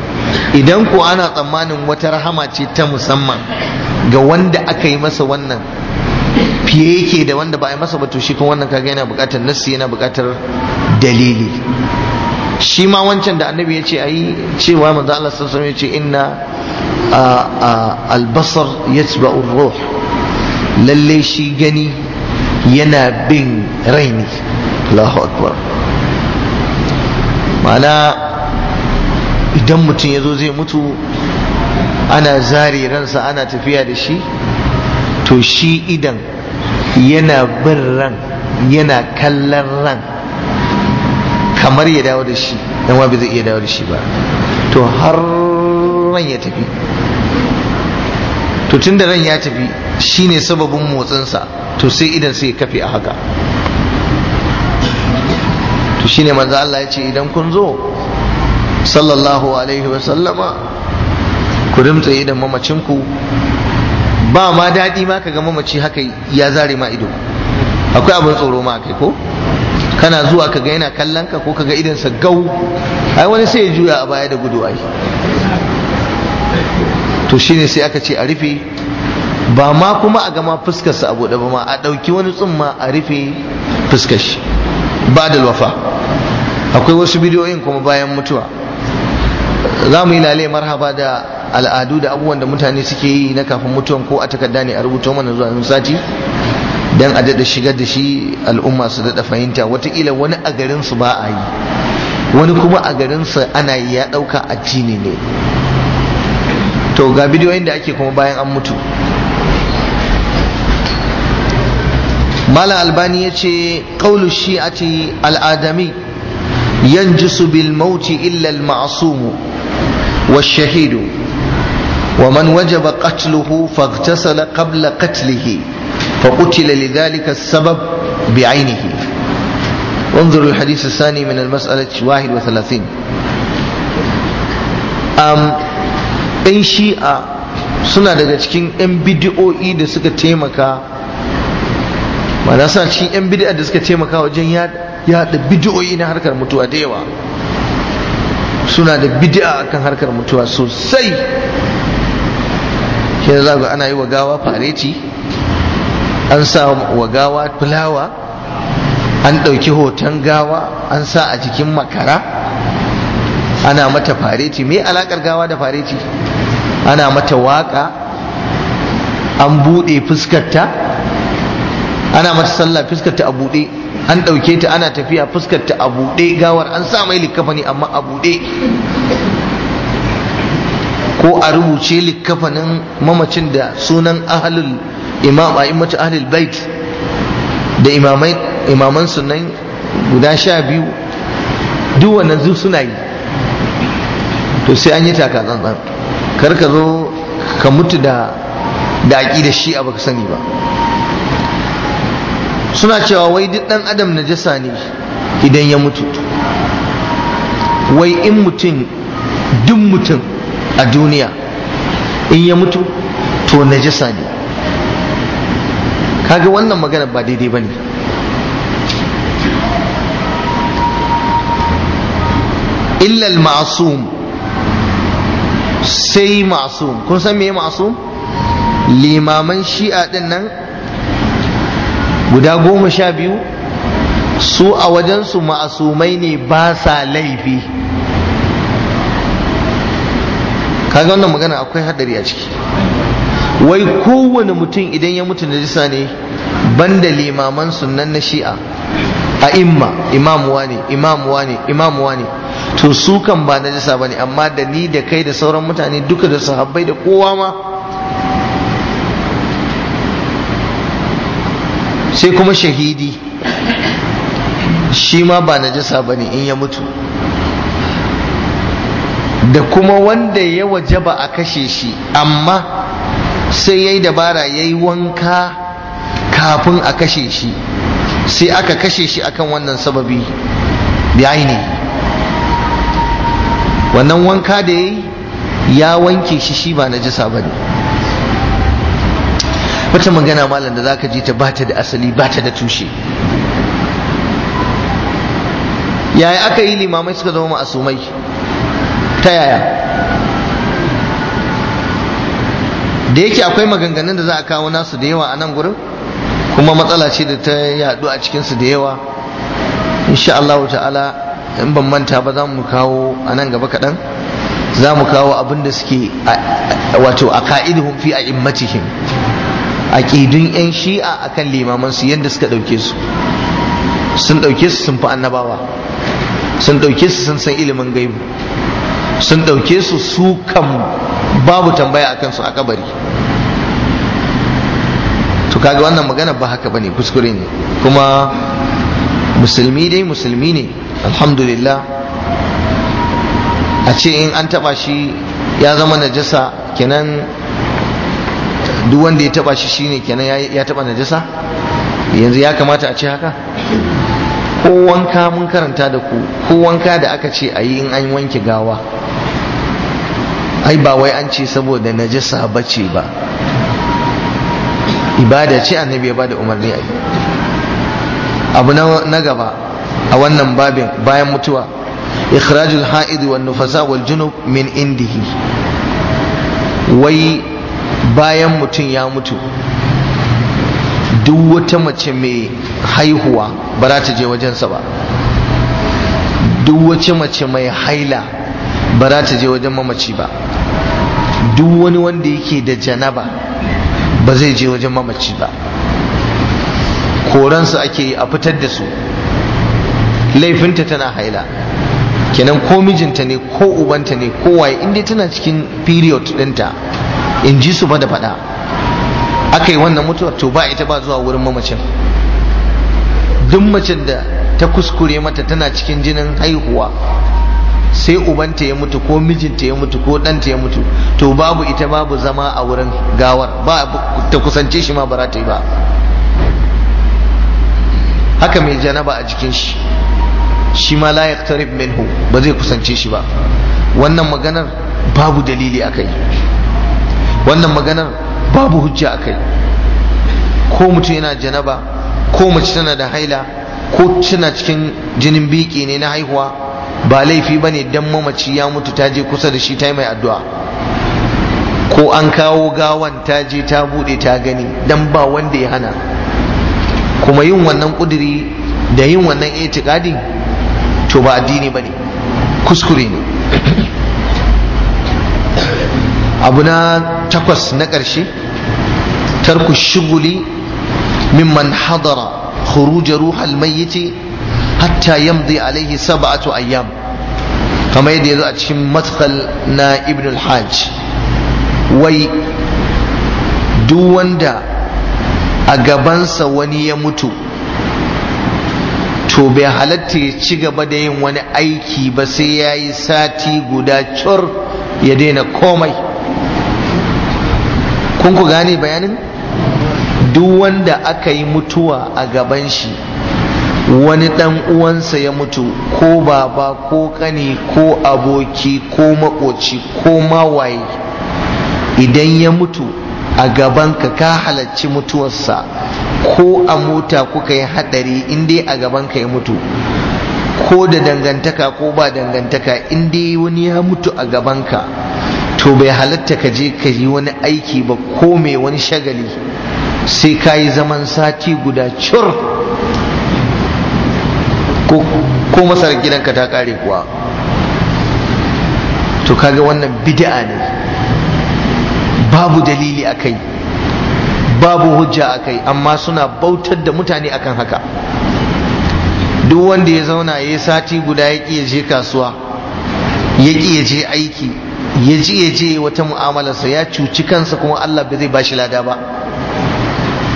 idan ko ana tsammanin wata rahama ce ta musamman ga wanda aka yi masa wannan fiye yake da wanda ba a yi masa ba to shi kuma wannan kaga yana buƙatar nassi yana bukatar dalili shi ma wancan da annabi ya ce a yi cewa manzo Allah sun sami ya ce inna albasar yatba'u ruh lalle shi gani yana bin raini Allahu akbar ma'ana idan mutum ya zo zai mutu ana zari ransa ana tafiya da shi to shi idan yana bin ran yana kallon ran kamar ya dawo da shi dan wa zai iya dawo da shi ba to har ran ya tafi to tun da ran ya tafi shine sababin motsinsa to sai idan sai ya kafe a haka to shine manzo Allah ya ce idan kun zo sallallahu alaihi wa ku rimtsaye da mamacinku ba ma daɗi ma kaga mamaci haka ya zare ma ido akwai abin tsoro ma kai ko kana zuwa kaga yana kallon ka ko kaga sa gau ai wani sai ya juya a baya da gudu ai to shine sai aka ce a rufe ba ma kuma a gama fuskarsa a buɗe ba ma a ɗauki wani tsumma a rufe fuskar shi ba da wafa akwai wasu bidiyoyin kuma bayan mutuwa za mu yi lale marhaba da al'adu da abubuwan da mutane suke yi na kafin mutuwan ko a takarda ne a rubuta mana zuwa yanzu sati dan a daɗa shigar da shi al'umma su daɗa fahimta wataƙila wani a garinsu ba a yi wani kuma a garinsu ana yi ya ɗauka a jini ne to ga bidiyoyin da ake kuma bayan an mutu malam albani ya ce ƙaulu ce al'adami yanjisu bil mauti illa al-ma'sumu shahidu. wa man wajaba qatluhu faghtasala qabla qatlihi fa qutila li dhalika sabab bi aynihi anzur al hadith al thani min al mas'alah wahid wa shi'a suna daga cikin yan bid'o'i da suka taimaka wajen ya ya bid'o'i na harkar mutuwa da yawa suna da bid'a akan harkar mutuwa sosai shi za ga ana yi wa gawa fareci an sa wa gawa fulawa an ɗauki hoton gawa an sa a jikin makara ana mata fareci me alakar gawa da fareci ana mata waka an buɗe fuskarta ana mata sallah fuskarta a buɗe an ɗauke ta ana tafiya fuskarta a buɗe gawar an sa mai likafani amma a buɗe ko a rubuce likkafanin mamacin da sunan ahalul imam a imacin ahalul bait da imaman sunan guda sha biyu duk wannan zu suna yi to sai an yi taka tsantsan kar ka zo ka mutu da da shi a baka sani ba suna cewa wai duk ɗan adam najasa ne idan ya mutu wai in mutum duk mutum a duniya in ya mutu to najasa ne kaga wannan magana ba daidai ba ne illal ma'asum sai ma'asum kun san me ma'asum limaman shi'a din nan guda goma sha biyu su a wajensu ma'asumai ne ba sa laifi kaga wannan magana akwai hadari a ciki wai kowane mutum idan ya mutu najisa ne banda limaman sunan na shi'a a imma Imam wani? Imam wani? Imam wani? to su kan ba najisa bane amma da ni da kai da sauran mutane duka da sahabbai da kowa ma sai kuma shahidi shi ma ba najisa bane in ya mutu da kuma wanda ya wajaba a kashe shi amma sai ya yi dabara ya yi wanka kafin a kashe shi sai aka kashe shi akan wannan sababi yi ne wannan wanka da ya yi ya wanke shi shi ba na jisa ba ne wata magana malam da za ka ji ta bata da asali bata da tushe yaya aka yi limamai suka zama ma'asumai ta yaya da yake akwai maganganun da za a kawo nasu da yawa a nan gurin kuma matsala ce da ta yadu a cikinsu da yawa insha Allah ta'ala in ban manta ba za mu kawo a nan gaba kaɗan za mu kawo abin da suke wato a ka'iduhum fi a immatihim aƙidun 'yan shi'a a akan limamansu yadda suka ɗauke su sun ɗauke su sun fi annabawa sun ɗauke su sun san ilimin gaibu sun ɗauke su su kan babu tambaya a kansu a kabari to kaga wannan magana ba haka bane kuskure ne kuma musulmi dai musulmi ne alhamdulillah a ce in an taba shi ya zama najasa kenan duk wanda ya taba shi shine kenan ya taba najasa yanzu ya kamata a ce haka ko wanka mun karanta da ku ko wanka da aka ce a yi in an wanke gawa ai ba wai an ce saboda najasa bace ba ibada ce annabi ya bada umarni yi abu na gaba a wannan babin bayan mutuwa ikhrajul ha'id wan nufasa wal junub min indihi wai bayan mutum ya mutu duk wata mace mai haihuwa ba za ta je wajensa ba duk wace mace mai haila ba za ta je wajen mamaci ba duk wani wanda yake da janaba ba zai je wajen mamaci ba koransu ake yi a fitar da su laifinta tana haila kenan ko mijinta ne ko ubanta ne ko waye inda tana cikin period ɗinta in ji su ba da faɗa aka yi wannan mutuwar to ba ita ba zuwa wurin mamacin duk macen da ta kuskure mata tana cikin jinin haihuwa sai ubanta ya mutu ko mijinta ya mutu ko ɗanta ya mutu to babu ita babu zama a wurin gawar ba ta kusance shi ma ba ta yi ba haka mai janaba a jikin shi shi ma la yaqtarib minhu ba zai kusance shi ba wannan maganar babu dalili akai wannan maganar babu hujja akai ko mutum yana janaba ko mace tana da haila ko tana cikin jinin biki ne na haihuwa ba laifi ba ne don mamaci ya mutu ta je kusa da shi ta yi mai addu'a ko an kawo gawan ta je ta buɗe ta gani don ba wanda ya hana kuma yin wannan ƙuduri da yin wannan itikadi to ba addini ba ne kuskure ne abu na takwas na ƙarshe tarku shuguli mimman hadara khuruj ruhal mayyiti hatta yamdi alaihi sab'atu ayyam kamar yadda yazo a cikin matkal na ibn al-hajj wai duk wanda a gabansa wani ya mutu to bai halatta ya ci gaba da yin wani aiki ba sai ya yi sati guda cur ya daina komai kun ku gane bayanin duk wanda aka yi mutuwa a gaban shi wani dan uwansa ya mutu ko baba ko kani ko aboki ko makoci ko mawaye idan ya mutu a gabanka ka halarci mutuwarsa ko a mota kuka yi hadari inda a gabanka ya mutu ko da dangantaka ko ba dangantaka inda wani ya mutu a gabanka to bai halatta ka je ka yi wani aiki ba ko mai wani shagali sai ka yi zaman sati guda cur ko ko masarar gidanka ta kare kuwa to kaga wannan bid'a ne babu dalili akai babu hujja akai amma suna bautar da mutane akan haka duk wanda ya zauna ya sati guda ya ƙi je kasuwa ya ƙi ya je aiki ya ji ya je wata mu'amalarsa ya cuci kansa kuma Allah ba zai ba shi lada ba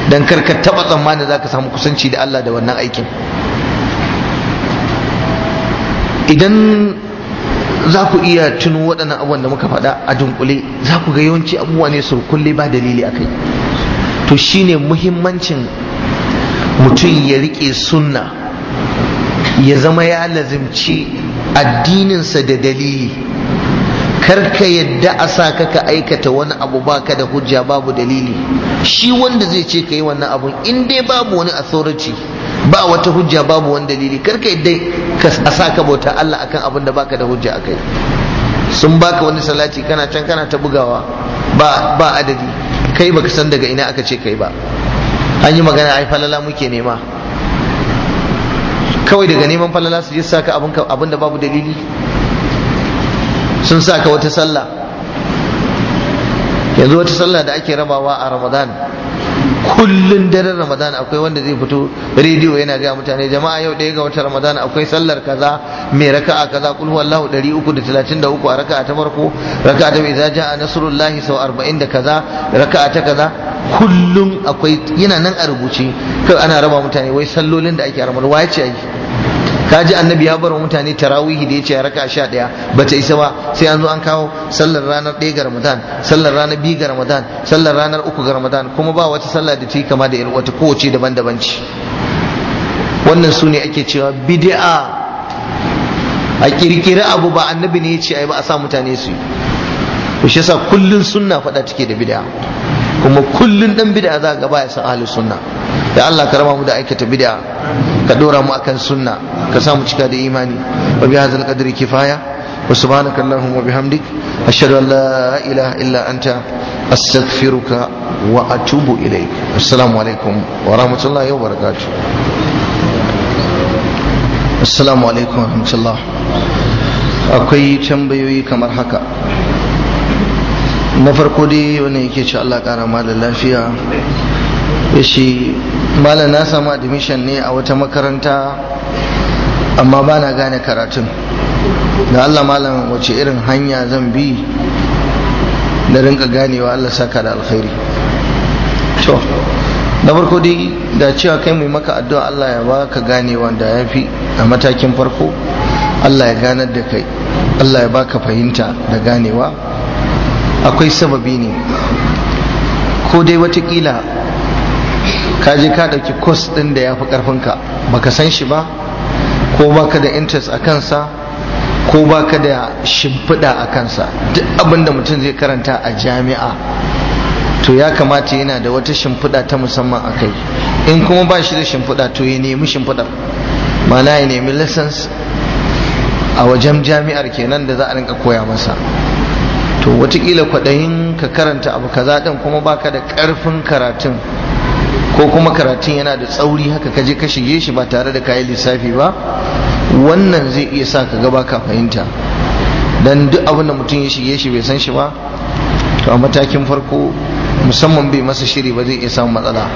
dan kar ka taɓa tsammanin za ka samu kusanci da Allah da wannan aikin idan za ku iya tuno waɗannan abubuwan da muka faɗa a dunkule za ku ga yawanci abubuwa ne su kulle ba dalili a kai to shine muhimmancin mutum ya riƙe sunna ya zama ya lazimci addininsa da dalili karka yadda a sa ka ka aikata wani abu baka da hujja babu dalili shi wanda zai ce ka yi wannan abun in dai babu wani authority ba wata hujja babu wani dalili karka yadda ka sa ka bauta Allah akan abin da baka da hujja akai sun baka wani salati kana can kana ta bugawa ba ba adadi kai baka san daga ina aka ce kai ba an yi magana ai falala muke nema kawai daga neman falala su je saka abin da babu dalili sun saka wata sallah yanzu wata sallah da ake rabawa a ramadan kullun daren ramadan akwai wanda zai fito rediyo yana ga mutane jama'a yau ɗaya ga wata ramadan akwai sallar kaza mai raka'a kaza kul huwallahu 333 a raka'a ta farko raka'a ta idza ja'a nasrullahi sau 40 da kaza raka'a ta kaza Kullun akwai yana nan a rubuce kai ana raba mutane wai sallolin da ake a ramadan waye ce ai kaji annabi ya bar mutane tarawihi da ya ce raka sha ɗaya ba ta isa ba sai an zo an kawo sallar ranar ɗaya ga ramadan sallar ranar biyu ga ramadan sallar ranar uku ga ramadan kuma ba wata sallah da ta yi kama da irin wata kowace daban-daban ce wannan su ne ake cewa bid'a a kirkiri abu ba annabi ne ya ce ai ba a sa mutane su yi shi yasa kullun sunna faɗa take da bid'a kuma kullun dan bid'a za ga ba ya san ahlus sunna da Allah ka raba mu da aikata bid'a ka dora mu akan sunna ka sa mu cika da imani wa bi hadzal qadri kifaya wa subhanaka allahumma wa bihamdik ashhadu an la ilaha illa anta astaghfiruka wa atubu ilaik assalamu alaikum wa rahmatullahi wa barakatuh assalamu alaikum wa rahmatullah akwai tambayoyi kamar haka na farko dai wani yake ce Allah kara ma da lafiya ya shi malam na samu admission ne a wata makaranta amma ba na gane karatun da allah malam wace irin hanya zan bi da rinka ganewa allah saka da alkhairi to na farko dai da cewa kai mai maka addu'a allah ya ba ka ganewa da ya fi a matakin farko allah ya ganar da kai allah ya ba ka fahimta da ganewa akwai sababi ne ko dai watakila ka je ka ɗauki kos ɗin da ya fi ƙarfinka baka san shi ba ko baka da interest a kansa ko baka da shimfiɗa a kansa duk abin da mutum zai karanta a jami'a to ya kamata yana da wata shimfiɗa ta musamman a kai in kuma ba shi da shimfiɗa to ya nemi shimfiɗar mana ya nemi lessons a wajen jami'ar kenan da za a rinka koya masa to watakila kwaɗayin ka karanta abu kaza ɗin kuma baka da ƙarfin karatun ko kuma karatun yana da tsauri haka kaje ka shige shi ba tare da kayan lissafi ba wannan zai iya sa ka gaba ka fahimta dan duk abin da mutum ya shige shi bai san shi ba to a matakin farko musamman bai masa shiri ba zai iya samun matsala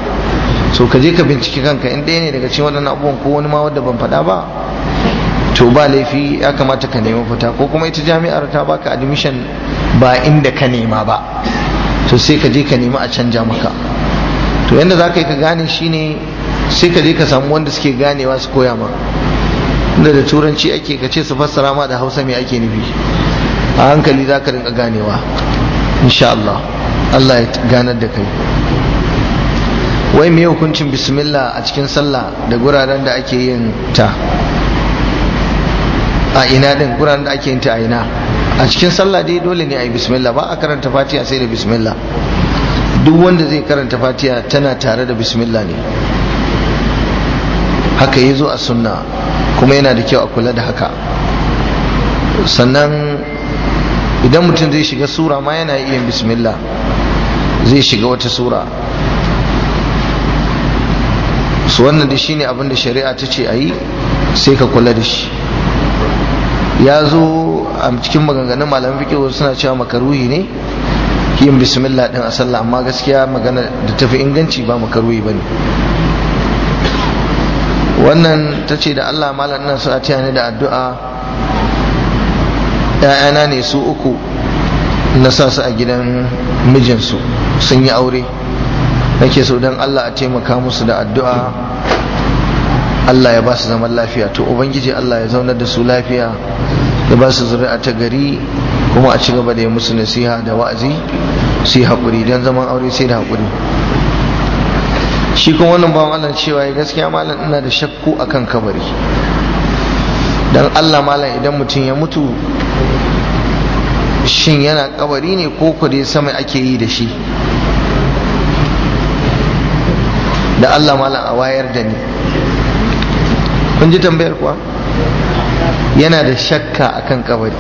so ka ka bincike kanka in ɗaya ne daga cikin waɗannan abubuwan ko wani ma wanda ban faɗa ba to ba laifi ya kamata ka nemi fita ko kuma ita jami'ar ta baka admission ba inda ka nema ba to sai ka je ka nemi a canja maka to yadda za ka yi ka gane shi ne sai ka je ka samu wanda suke ganewa su koya ma inda da turanci ake ka ce su fassara ma da hausa mai ake nufi a hankali za ka rinka ganewa insha Allah Allah ya ganar da kai wai me hukuncin bismillah a cikin sallah da guraren da ake yin ta a ina din guraren da ake yin ta a ina a cikin sallah dai dole ne a yi bismillah ba a karanta fatiha sai da bismillah duk wanda zai karanta Fatiya tana tare da bismillah ne haka ya zo a sunna kuma yana da kyau a kula da haka sannan idan mutum zai shiga sura ma yana iya bismillah zai shiga wata sura su wannan da shi abin da shari'a ta ce a yi sai ka kula da shi ya zo a cikin maganganun malamin fiƙe suna cewa makaruhi ne yin bismillah din a sallah amma gaskiya magana da tafi inganci ba ba ne. wannan ta ce da Allah malam nan suna ta ni da addu'a ‘ya'yana ne su uku na sa su a gidan mijinsu sun yi aure nake so don Allah a taimaka musu da addu'a Allah ya ba su zaman lafiya to ubangiji Allah ya zaunar da su lafiya da ba su zuri'a ta gari kuma a ci gaba da yi musu nasiha da wa'azi su yi haƙuri don zaman aure sai da haƙuri shi kuma wannan ba malam cewa ya gaskiya malam ina da shakku kan kabari don allah malam idan mutum ya mutu shin yana kabari ne ko dai sama ake yi da shi da allah malam a wayar da ni kun ji tambayar kuwa yana da shakka akan kabari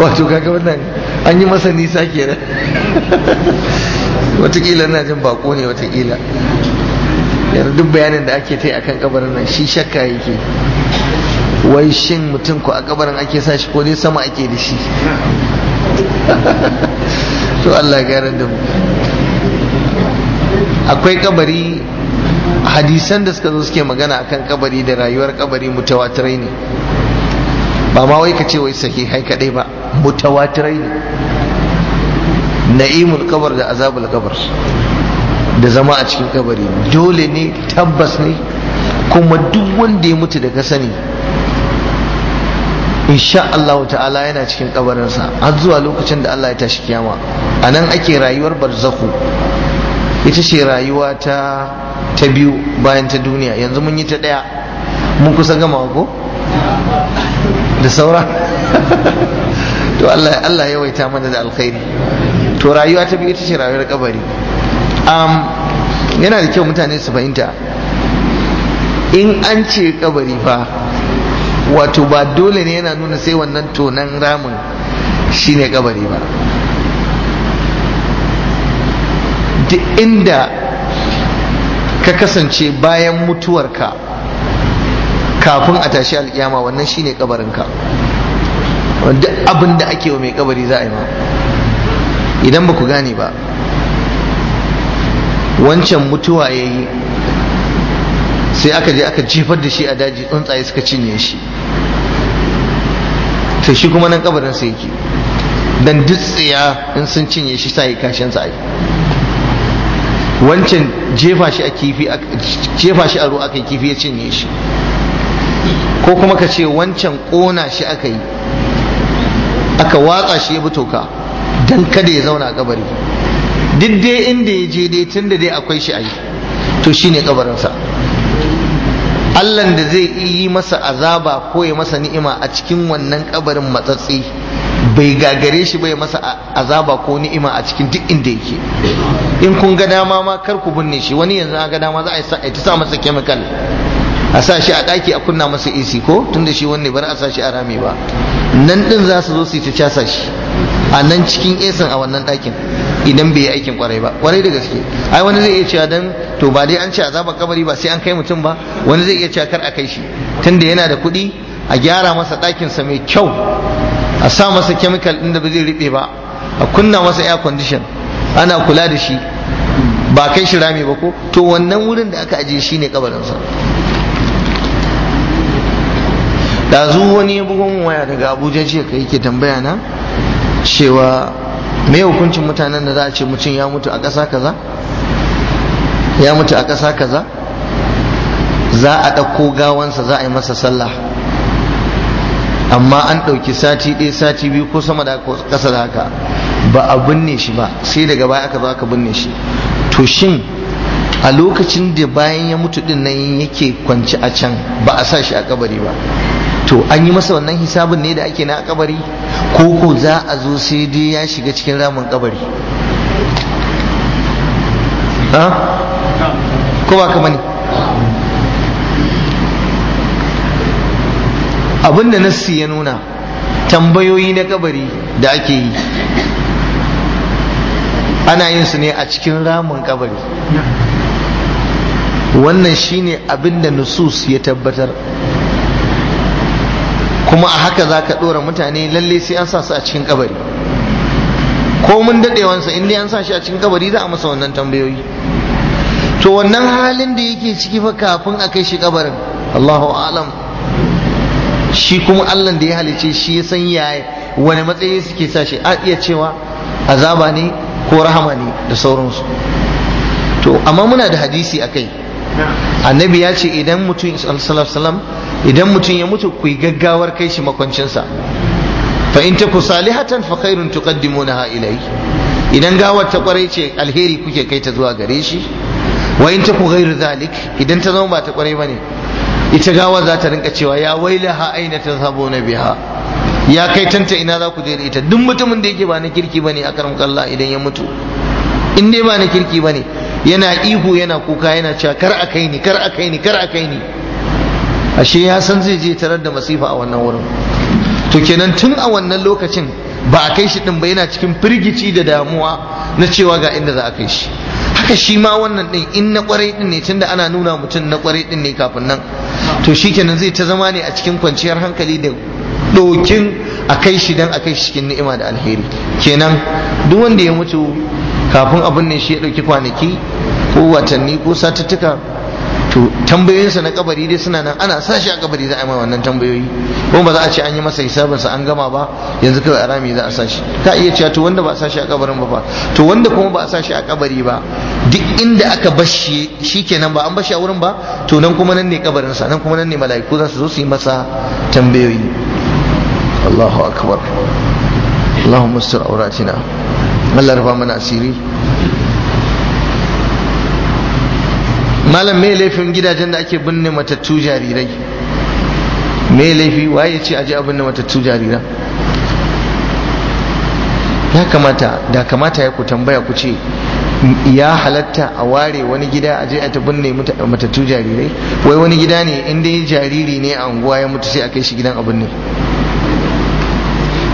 wato kaga wannan an yi masa nisa ke kenan watakila na jin bako ne watakila yana duk bayanin da ake ta yi kan kabarin nan shi shakka yake wai shin mutum ku a kabarin ake sa shi ko dai sama ake da shi [laughs] to Allah gara da mu akwai kabari hadisan da suka zo suke magana akan kabari da rayuwar kabari mutawatirai ne ba ma wai ka ce wai sahihai kadai ba mutawatirai ne na'imul kabar da azabul kabar da zama a cikin kabari dole ne tabbas ne kuma duk wanda ya mutu da ka sani insha Allah ta'ala yana cikin kabarinsa har zuwa lokacin da Allah ya tashi kiyama a nan ake rayuwar barzaku ita ce rayuwa ta ta biyu bayan ta duniya yanzu mun yi ta ɗaya mun kusa gama ko da saura [laughs] to Allah Allah ya waita mana da alkhairi to rayuwa ta biyu ita ce rayuwar kabari um, yana da kyau mutane su fahimta in an ce kabari fa wato ba dole ne yana nuna sai wannan tonan ramin shine kabari ba duk inda ka kasance bayan mutuwarka kafin a tashi alkiyama wannan shine kabarinka duk abin da ake wa mai kabari za a yi ma idan ba ku gane ba wancan mutuwa ya yi sai aka je aka jefar da shi a daji tsuntsaye suka cinye shi to shi kuma nan kabarin sai yake dan duk tsiya in sun cinye shi sai kashin sa wancan jefa shi a ruwa aka yi kifi ya cinye shi ko kuma ka ce wancan ƙona shi aka yi aka watsa shi ya fito ka don kada ya zauna a kabari duk dai inda ya je dai tun da dai akwai shi a yi to shine kabarinsa Allahn da zai yi masa azaba ko ya masa ni'ima a cikin wannan kabarin matsatsi bai gagare shi bai masa azaba ko ni'ima a cikin duk inda yake in kun ga dama ma kar ku binne shi wani yanzu an ga dama za a ta sa masa chemical a sa shi a ɗaki a kunna masa AC ko tunda shi wanne bar a sa shi a rami ba nan din za su zo su yi ta casa shi a nan cikin esan a wannan ɗakin idan bai yi aikin kwarai ba kwarai da gaske ai wani zai iya cewa dan to ba dai an ce azaba kabari ba sai an kai mutum ba wani zai iya cewa kar a kai shi tunda yana da kuɗi a gyara masa ɗakinsa mai kyau a sa masa chemical din da ba zai riɓe ba a kunna masa air condition ana kula da shi ba kai shi rami ba ko to wannan wurin da aka ajiye shi ne kabarinsa ɗazu wani ya bugon waya daga abuja ce ka yake tambaya na cewa me hukuncin mutanen da za a ce mutum ya mutu a ƙasa kaza ya mutu a ƙasa kaza za a ɗauko gawansa za a yi masa sallah amma an ɗauki sati ɗaya sati biyu ko sama da ƙasa da haka ba a binne shi ba sai daga baya aka zo aka binne shi to shin a lokacin da bayan ya mutu din nan yake kwanci a can ba a sa shi a kabari ba to an yi masa wannan hisabin ne da ake na kabari ko ko za a zo sai dai ya shiga cikin ramin kabari ko ba ka bane abinda nassi ya nuna tambayoyi na kabari da ake yi ana yin su ne a cikin ramin kabari wannan shine abinda nusus ya tabbatar kuma a haka za ka ɗora mutane lalle sai an sa su a cikin kabari ko mun daɗewansa in dai an sa shi a cikin kabari za a masa wannan tambayoyi to wannan halin da yake ciki fa kafin a kai shi kabarin Allahu alam shi kuma Allah da ya halice shi ya san yaya wani matsayi suke sa shi a iya cewa azaba ne ko rahama ne da sauransu to amma muna da hadisi a kai annabi ya ce idan mutum sallallahu idan mutum ya mutu ku gaggawar kai shi makwancinsa fa in taku salihatan fa khairun tuqaddimunaha ilai. idan gawar ta kwarai ce alheri kuke kai ta zuwa gare shi wa in taku ghairu zalik idan ta zama ba ta kwarai bane ita gawa za ta rinka cewa ya waila wailaha aina na biya ya kai tanta ina za ku je da ita duk mutumin da yake ba na kirki bane a karam Allah idan ya mutu in dai ba na kirki bane yana ihu yana kuka yana cewa kar a kai ni kar a kai ni kar a kai ni ashe ya san zai je tarar da masifa a wannan wurin to kenan tun a wannan lokacin ba a kai shi din ba yana cikin firgici da damuwa na cewa ga inda za a kai shi haka shi ma wannan din in na kwarai din ne tunda ana nuna mutum na kwarai din ne kafin nan to shikenan zai ta zama ne a cikin kwanciyar hankali da dokin a kai shi dan a kai shi cikin ni'ima da alheri kenan duk wanda ya mutu kafin abin ne shi ya dauki kwanaki ko watanni ko satuttuka to tambayoyinsa na kabari dai suna nan ana sa shi a kabari za a yi wannan tambayoyi kuma ba za a ce an yi masa hisabinsa an gama ba yanzu kawai arami za a sa shi ka iya cewa to wanda ba a sa shi a kabarin ba fa to wanda kuma ba a sa shi a kabari ba duk inda aka shi shikenan ba an shi a wurin ba to nan kuma nan ne kabarinsa nan kuma nan ne mala'iku za su zo su yi masa tambayoyi Allahu akbar Allahumma astur auratina Allah rufa mana asiri malam mai laifin gidajen da ake binne matattu jarirai me laifi waye ya ce aje a binne matattu jarirai ya kamata da kamata ya ku tambaya ku ce ya halatta a ware wani gida a a ta binne matattu jarirai wai wani gida ne in dai jariri ne a unguwa ya mutu sai a kai shi gidan abin ne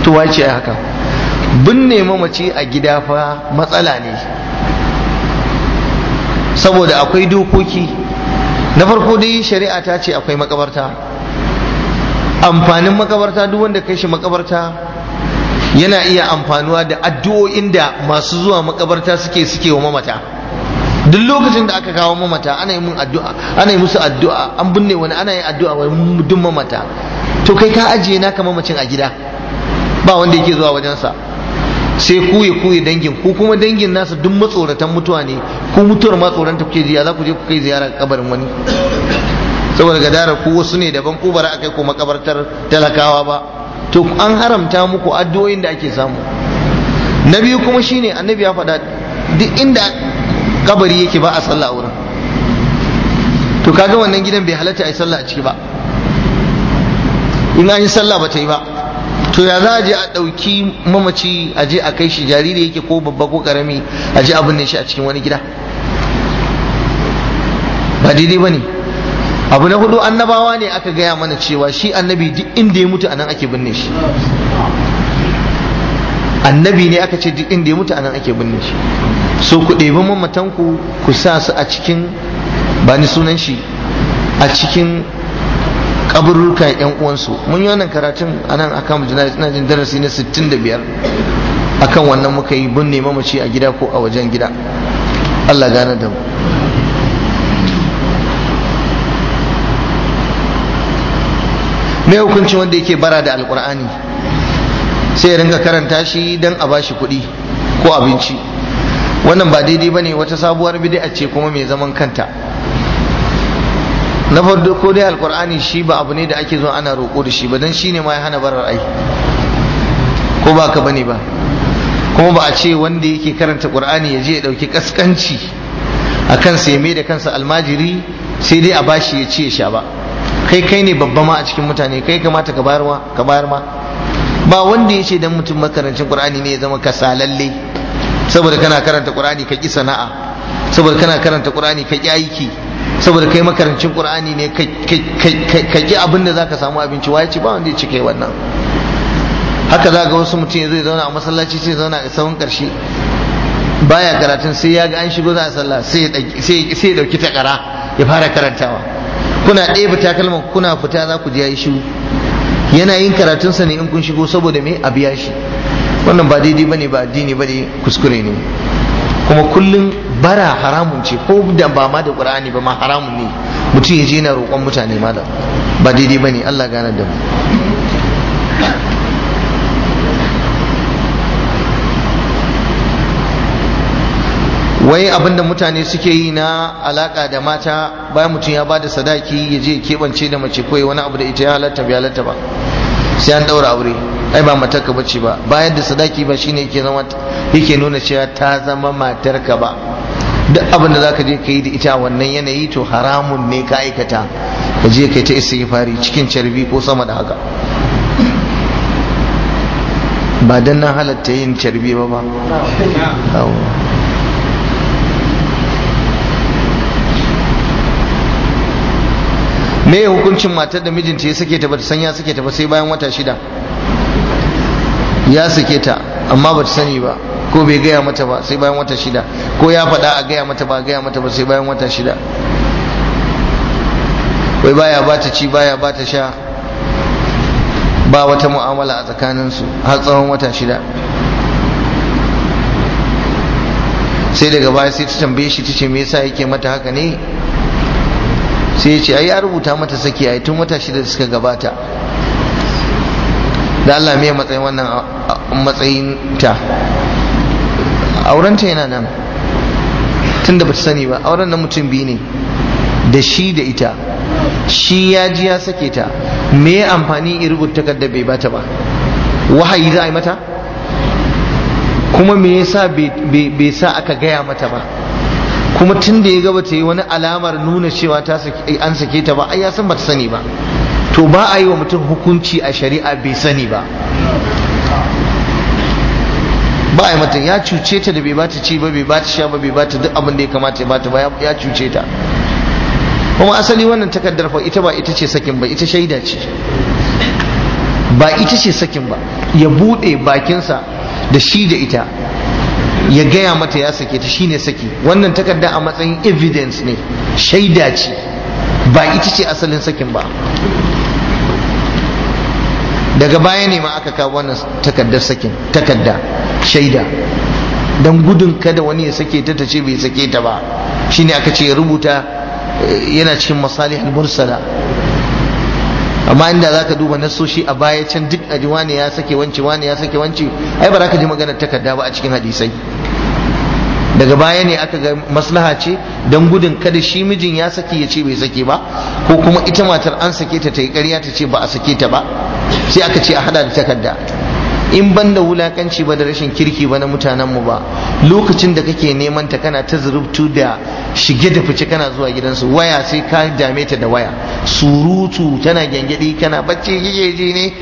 to wace haka binne mamaci a gida fa matsala ne saboda akwai dokoki na farko dai shari'a ta ce akwai makabarta amfanin makabarta duk wanda kai shi makabarta yana iya amfanuwa da addu'o'in da masu zuwa makabarta suke suke wa mamata duk lokacin da aka kawo mamata ana yi mun addu'a ana yi musu addu'a an binne wani ana yi addu'a wa duk mamata to kai ka ajiye naka mamacin a gida ba wanda yake zuwa wajensa sai ku ya ku dangin ku kuma dangin nasa duk matsoratan mutuwa ne ku mutuwar matsoranta kuke jiya za ku je ku kai ziyara kabarin wani saboda gadara ku wasu ne daban ku bara akai ku makabartar talakawa ba to an haramta muku addu'o'in da ake samu na biyu kuma shine annabi ya faɗa duk inda kabari yake ba a sallah wurin to kaga wannan gidan bai halatta a yi sallah a ciki ba in an yi sallah ba ta yi ba to ya za a je a ɗauki mamaci a je a kai shi jariri yake ko babba ko ƙarami a je abin ne shi a cikin wani gida ba daidai ba ne abu na hudu annabawa ne aka gaya mana cewa shi annabi duk inda ya mutu anan ake binne shi annabi ne aka ce duk inda ya mutu anan ake binne shi so ku ɗebi mamatanku ku sa su a cikin ba ni sunan shi a cikin kaburrukan yan uwansu mun yi wannan karatun a nan akan jinajin jin darasi na 65 akan wannan muka yi binne mamaci a gida ko a wajen gida Allah gane da mu me hukuncin wanda yake bara da alkur'ani sai ya ringa karanta shi don a bashi kuɗi ko abinci wannan ba daidai ne, wata sabuwar bid'a ce kuma mai zaman kanta na farko dai alkur'ani shi ba abu ne da ake zuwa ana roƙo da shi ba don shi ne ma ya hana barar ai ko ba ka bane ba kuma ba a ce wanda yake karanta qur'ani ya je ya ɗauki ƙasƙanci a kansa ya mai da kansa almajiri sai dai a bashi ya ce ya sha ba kai kai ne babba ma a cikin mutane kai kamata ka bayar ma ba wanda ya ce dan mutum makarancin qur'ani ne ya zama kasalalle saboda kana karanta qur'ani ka ki sana'a saboda kana karanta qur'ani ka ki aiki saboda kai makarancin qur'ani ne ka ki abinda da zaka samu abinci waye ci ba wanda ya cike wannan haka za ga wasu mutum zai zauna a masallaci sai zauna a tsawon karshe baya karatun sai ya ga an shigo za a sallah sai ya dauki takara ya fara karantawa kuna ɗeba takalman kuna fita za ku je ya shiru yana yin karatunsa ne in kun shigo saboda me a biya shi wannan ba daidai bane ba addini bane kuskure ne kuma kullum bara haramun ce ko da ba ma da qur'ani ba ma haramun ne mutum ya je na roƙon mutane da ba daidai bane Allah gane da mu wai abinda mutane suke yi na alaka da mata bayan mutum ya bada sadaki ya je kebance da mace koyi wani abu da ita ya halatta halatta ba sai an daura aure ai ba matarka bace ba bayan da sadaki ba shine yake zama yake nuna cewa ta zama matarka ba duk abin da zaka je ka yi da ita wannan yanayi to haramun ne ka aikata ka je ka yi ta istighfari cikin carbi ko sama da haka ba dan na halatta yin carbi ba ba me hukuncin matar da mijinta ya sake ta ba ta sanya sake ta ba sai bayan wata shida ya sake ta amma ba ta sani ba ko bai gaya mata ba sai bayan wata shida ko ya faɗa a gaya mata ba gaya mata ba sai bayan wata shida wai baya ba ta ci baya ba ta sha ba wata mu'amala a tsakaninsu har tsawon wata shida sai daga baya sai ta tambaye shi tace me yasa yake mata haka ne sai ya ce ai ya rubuta mata saki ai tun wata shida da suka gabata da Allah mai matsayin wannan matsayin ta Auren ta yana nan tun da bata sani ba auren na mutum biyu ne da shi da ita shi ya ji ya sake ta me amfani in rubuta takardar bai bata ba wahayi za a yi mata kuma me yasa bai sa aka gaya mata ba kuma tun da ya gaba ta yi wani alamar nuna cewa an sake ta ba ai ya san bata sani ba to ba a yi wa mutum hukunci a shari'a bai sani ba ba a mata ya cuce ta da bai bata ci ba bai bata sha ba bai bata duk abin da ya kamata ya bata ba ya cuce ta kuma asali wannan takardar fa ita ba ita ce sakin ba ita shaida ce ba ita ce sakin ba ya bude bakinsa da shi da ita ya gaya mata ya sake ta shine saki wannan takarda a matsayin evidence ne shaida ce ba ita ce asalin sakin ba daga baya ne ma aka kawo wannan takardar sakin takarda shaida don gudun kada wani ya sake ta ta bai sake ta ba shine aka ce rubuta eh, yana cikin masalih al-mursala amma inda za ka duba nasoshi a baya can duk a ji ya sake wance wani ya sake wance ai ba za ka ji maganar takarda ba a cikin hadisai daga baya ne aka ga maslaha ce don gudun kada shi mijin ya saki ya ce bai sake ba ko kuma ita matar an sake ta ta yi karya ta ce ba a sake ta ba sai aka ce a hada da takarda in ban da wulakanci ba da rashin kirki ba na mutanenmu ba lokacin da kake neman ta kana ta zurubtu da shige da fice kana zuwa gidansu waya sai ka dame ta da waya surutu tana gyangyaɗi kana bacci kike ne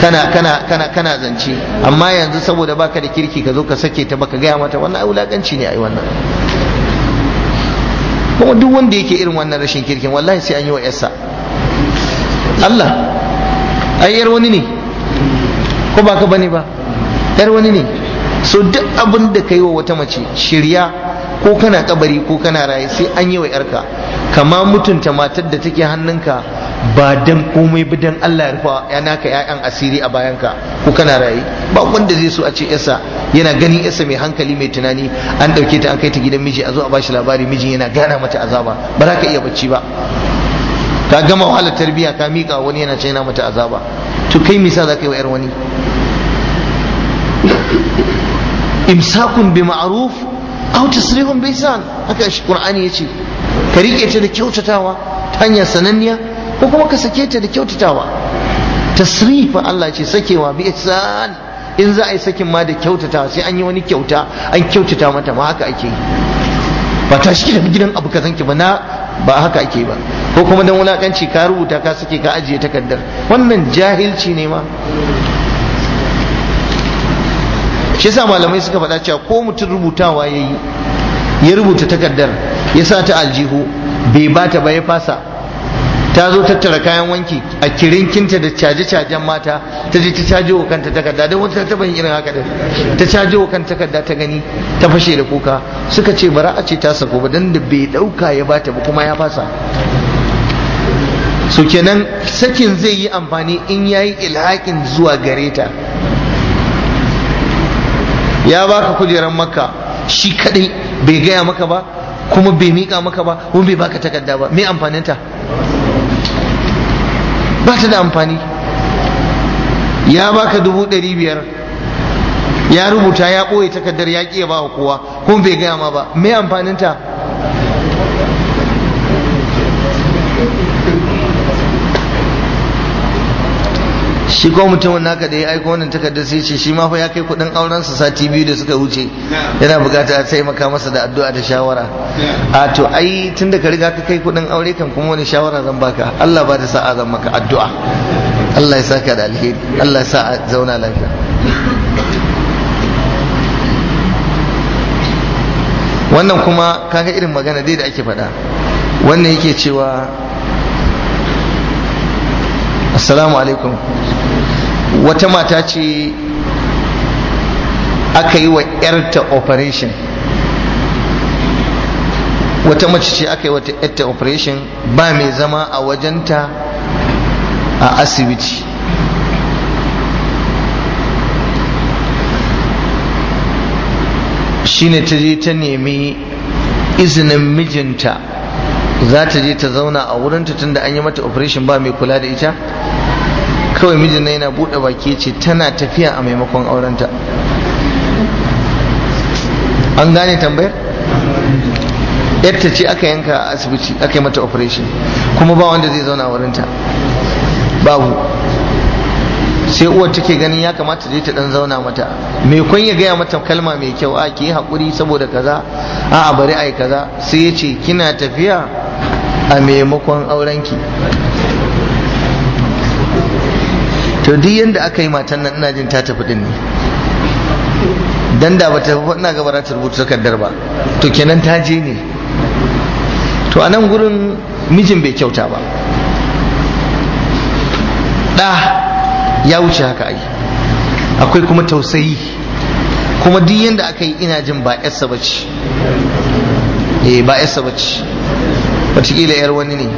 kana kana kana kana zance amma yanzu saboda baka da kirki ka zo ka sake ta baka gaya mata wannan wulakanci ne ai wannan kuma duk wanda yake irin wannan rashin kirkin wallahi sai an yi wa yarsa Allah ai yar wani ne ko baka bane ba yar wani ne so duk abin da kai wa wata mace shirya ko kana kabari ko kana raye sai an yi wa yarka kama mutunta matar da take hannunka ba dan komai ba dan Allah ya rufa ya naka ƴaƴan asiri a bayanka ko kana raye ba wanda zai so a ce yasa yana ganin yasa mai hankali mai tunani an dauke ta an kai ta gidan miji a zo a bashi labari miji yana gana mata azaba ba za ka iya bacci ba ka gama wahala tarbiya ka mika wani yana cewa yana mata azaba to kai misa za ka yi wa yar wani imsakun bi ma'ruf aw tasrihum bisan haka shi qur'ani yace ka rike ta da kyautatawa ta hanyar sananniya ko kuma ka sake ta da kyautatawa tasrifa Allah ce sakewa bi ihsan in za a yi sakin ma da kyautatawa sai an yi wani kyauta an kyautata mata ma haka ake yi ba ta shi da gidan abu kazan ki ba na ba haka ake ba ko kuma dan wulakanci ka rubuta ka sake ka ajiye takardar wannan jahilci ne ma shi yasa malamai suka faɗa cewa ko mutum rubutawa ya yi ya rubuta takardar ya sa ta aljihu bai ta ba ya fasa ta zo tattara kayan wanki a kirinkinta da caje-cajen mata ta je ta caje wa kanta takarda don wata ta irin haka da ta caje wa kanta takarda ta gani ta fashe da kuka suka ce bara a ce ta sako ba don da bai ɗauka ya bata ba kuma ya fasa so kenan sakin zai yi amfani in yayi ilhakin zuwa gare ta ya baka kujerar maka shi kadai bai gaya maka ba kuma bai mika maka ba kuma bai baka takarda ba me amfaninta ba ta da amfani ya baka dubu ɗari biyar ya rubuta ya ɓoye takardar ya ƙiya ya ba kowa kuma bai gaya ma ba me amfaninta shi ko mutumin naka da ya aiko wannan takardar sai ce shi ma fa ya kai kudin auren sa sati biyu da suka wuce yana bukata a taimaka masa da addu'a da shawara a to ai tunda ka riga ka kai kudin aure kan kuma wani shawara zan baka Allah ba ta sa'a zan maka addu'a Allah ya saka da alheri Allah ya sa a zauna lafiya wannan kuma kaga irin magana dai da ake faɗa wannan yake cewa assalamu alaikum wata mata ce aka yi wa 'yarta operation wata mace ce aka yi wa 'yarta operation ba mai zama a wajenta a asibiti shine ta je ta nemi izinin mijinta za ta je ta zauna a wurinta tunda an yi mata operation ba mai kula da ita kawai mijin na yana buɗe baki ce tana tafiya a maimakon aurenta an gane tambayar yadda ce aka yanka a asibiti aka yi mata operation kuma ba wanda zai zauna wurinta babu sai uwar take ganin ya kamata je ta dan zauna mata mai kun ya gaya mata kalma mai kyau a ke hakuri saboda kaza a a bari ayi kaza sai ya ce kina tafiya a maimakon aurenki to duk yanda aka yi matan nan ina jin ta tafi din ne dan da bata tafi ina ga za ta rubuta takardar ba to kenan ta je ne to a nan gurin mijin bai kyauta ba ɗa ya wuce haka ai akwai kuma tausayi kuma duk yanda aka yi ina jin ba yarsa bace eh ba yarsa bace wataƙila yar wani ne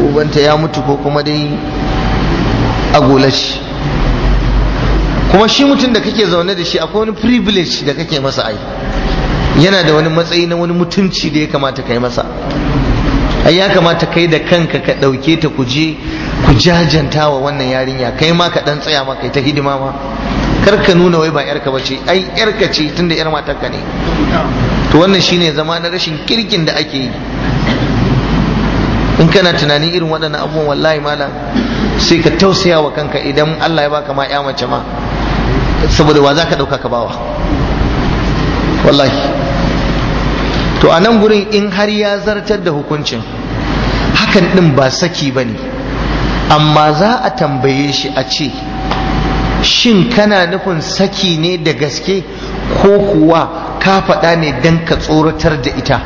ubanta ya mutu ko kuma dai a gola shi kuma shi mutum da kake zaune da shi akwai wani privilege da kake masa ai yana da wani matsayi na wani mutunci da ya kamata kai masa ai ya kamata kai da kanka ka ɗauke ta kuje je ku jajanta wa wannan yarinya kai ma ka ɗan tsaya ma kai ta hidima ma kar ka nuna wai ba yarka ba ce ai yarka ce tunda yar matarka ne to wannan shine zama na rashin kirkin da ake yi in kana tunanin irin waɗannan abubuwan wallahi malam sai ka tausaya wa kanka idan Allah ya baka ma ya mace ma saboda wa zaka dauka ka bawa wallahi to a nan gurin in har ya zartar da hukuncin hakan din ba saki bane amma za a tambaye shi a ce shin kana nufin saki ne da gaske ko kuwa ka faɗa ne don ka tsoratar da ita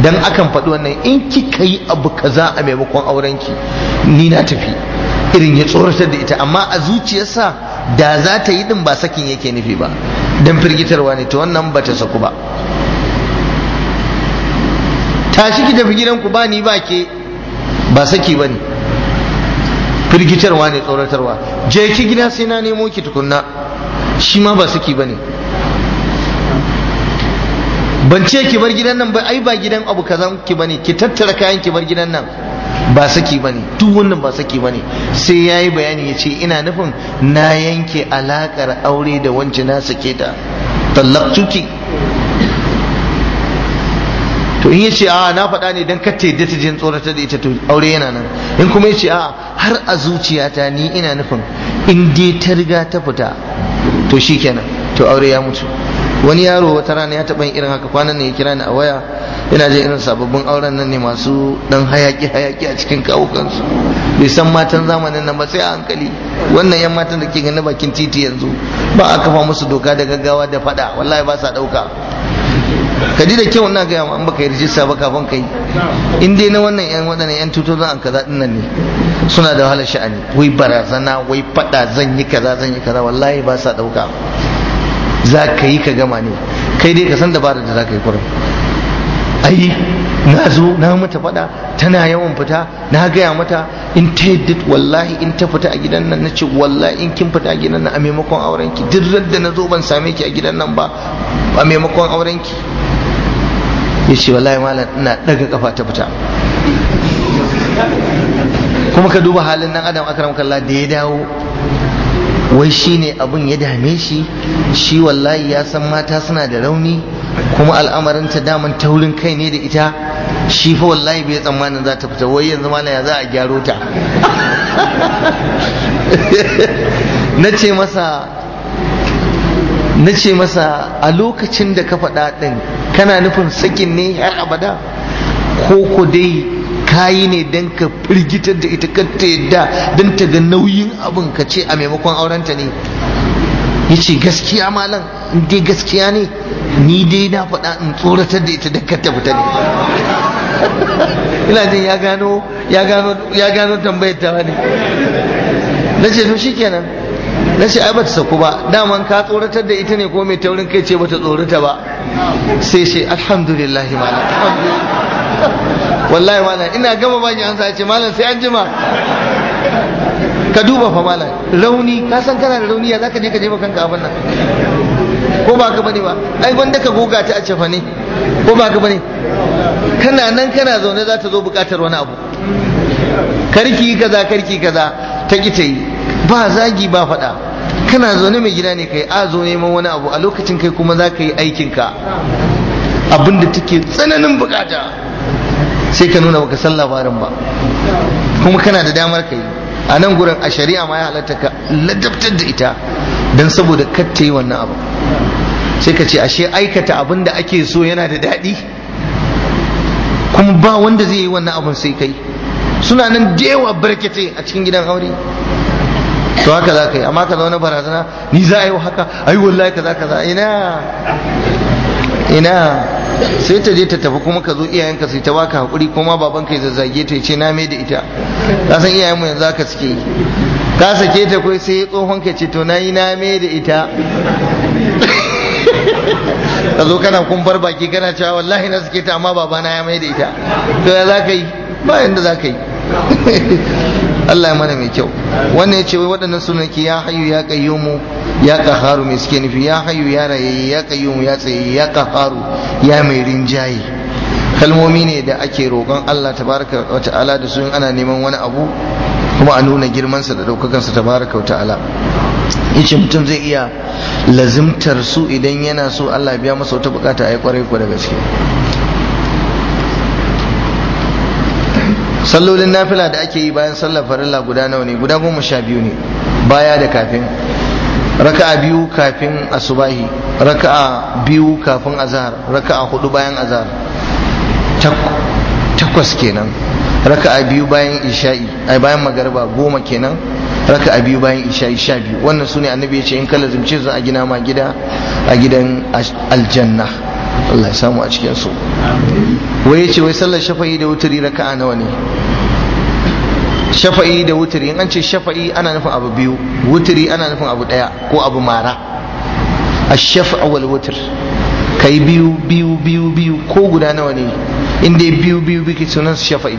dan akan faɗi wannan in kika yi abu kaza a maimakon aurenki ni na tafi kafirin ya tsoratar da ita amma a zuciyarsa da za ta yi din ba sakin yake nufi ba don firgitarwa ne ta wannan ba ta saku ba tashi ki tafi gidanku ba ni ba ke ba saki ba ne firgitarwa ne tsoratarwa je ki gida sai na nemo ki tukunna shi ma ba saki ba ne ban ce ki bar gidan nan ba ai ba gidan abu kazan ki bane ki tattara kayan ki bar gidan nan ba saki bane duk wannan ba saki bane sai yayi bayani yace ina nufin na yanke alakar aure da wance na sake ta tallaqtuki to in yace a na faɗa ne dan kace da ta jin tsorata da ita to aure yana nan in kuma yace a har a zuciyata ni ina nufin in dai ta riga ta fita to shikenan to aure ya mutu wani yaro wata rana ya taɓa yin irin haka kwanan ne ya kira ni a waya yana jin irin sababbin auren nan ne masu dan hayaki hayaki a cikin kawukansu bai san matan zamanin nan ba sai a hankali wannan yan matan da ke gani bakin titi yanzu ba a kafa musu doka da gaggawa da fada wallahi ba sa dauka ka ji da kyau na gaya an baka yi rijista ba kafin kai in dai na wannan yan waɗannan yan tuto zan kaza din nan ne suna da wahalar sha'ani wai barazana wai fada zan yi kaza zan yi kaza wallahi ba sa dauka za ka yi ka gama ne kai dai ka san dabarar da za ka yi kurin ai na zo na mata fada tana yawan fita na gaya mata in ta yadda wallahi in ta fita a gidan nan na ce wallahi in kin fita a gidan nan a maimakon auren ki duk da na zo ban same ki a gidan nan ba a maimakon auren ki ya ce wallahi malam ina daga kafa ta fita kuma ka duba halin nan adam akram kallah da ya dawo wai shi ne abin ya dame shi shi wallahi ya san mata suna da rauni kuma al'amarinta daman taurin kai ne da ita shi fa wallahi bai tsammanin za ta fita wai yanzu mala ya za a gyaro ta [laughs] na ce masa na ce masa a lokacin da ka faɗa ɗin kana nufin sakin ne har abada ko ku dai kayi ne don ka firgitar da ita kar ta yadda don ta ga nauyin abin ka ce a maimakon aurenta ne ya ce gaskiya malam in dai gaskiya ne ni dai na faɗa in tsoratar da ita don kar ta fita ne ina jin ya gano ya gano ya gano tambayar ta ne na ce to shikenan na ce ai bata saku ba daman ka tsoratar da ita ne ko mai taurin kai ce bata tsorata ba sai ce alhamdulillah malam wallahi malam ina gama baki an sa ce malam sai an jima ka duba fa malam rauni ka san kana da rauni ya zaka je ka je kanka abin nan ko ba ka bane ba ai wanda ka goga ta a cefa ne ko ba ka bane kana nan kana zaune za ta zo bukatar wani abu karki kaza karki kaza ta ki ta yi ba zagi ba faɗa kana zaune mai gida ne kai a zo neman wani abu a lokacin kai kuma za ka yi aikinka abinda take tsananin bukata sai ka nuna baka san labarin ba kuma kana da damar ka yi a nan gurin a shari'a ma ya halatta ka ladabtar da ita don saboda ta yi wannan abu sai ka ce ashe aikata abin da ake so yana da daɗi kuma ba wanda zai yi wannan abin sai kai suna nan da yawa barkete a cikin gidan aure to haka za ka yi amma ka zaune barazana ni za a yi haka ai wallahi kaza kaza ina ina sai ta je ta tafi kuma ka zo iyayenka sai ta baka hakuri kuma babanka ya zazzage ta ce na mai da ita ka san iyayen mu yanzu haka suke ka sake ta kai sai tsohon ka ce to nayi na mai da ita ka zo kana bar baki kana cewa wallahi na suke ta amma babana ya mai da ita to ya za ka yi ba yanda za ka yi Allah ya mana mai kyau wannan ya ce wai waɗannan sunaki ya hayu ya kayyumu ya kaharu mai suke nufi ya hayu ya rayayi ya kayyumu ya tsayi ya kaharu ya mai rinjaye kalmomi ne da ake roƙon Allah tabaraka wa ta'ala da su in ana neman wani abu kuma a nuna girmansa da ɗaukakansa tabaraka wa ta'ala yace mutum zai iya lazimtar su idan yana so Allah ya biya masa wata bukata ayi kwarai ko da gaske sallolin nafila da ake yi bayan sallar farilla guda nawa ne guda goma sha biyu ne baya da kafin raka'a biyu kafin asubahi raka'a biyu kafin azhar raka'a hudu bayan azhar takwas kenan raka'a biyu bayan isha'i ai bayan magariba goma kenan raka'a biyu bayan isha'i sha biyu wannan sune annabi ya ce in ka lazimce su a gina ma gida a gidan aljanna Allah ya samu a cikin su wai yace wai sallar shafa'i da wuturi raka'a nawa ne shafa'i da wutari in an ce shafa'i ana nufin abu biyu wutari ana nufin abu daya ko abu mara ash-shafa'u wal wutr kai biyu biyu biyu biyu ko guda nawa ne inda biyu biyu ke sunan shafa'i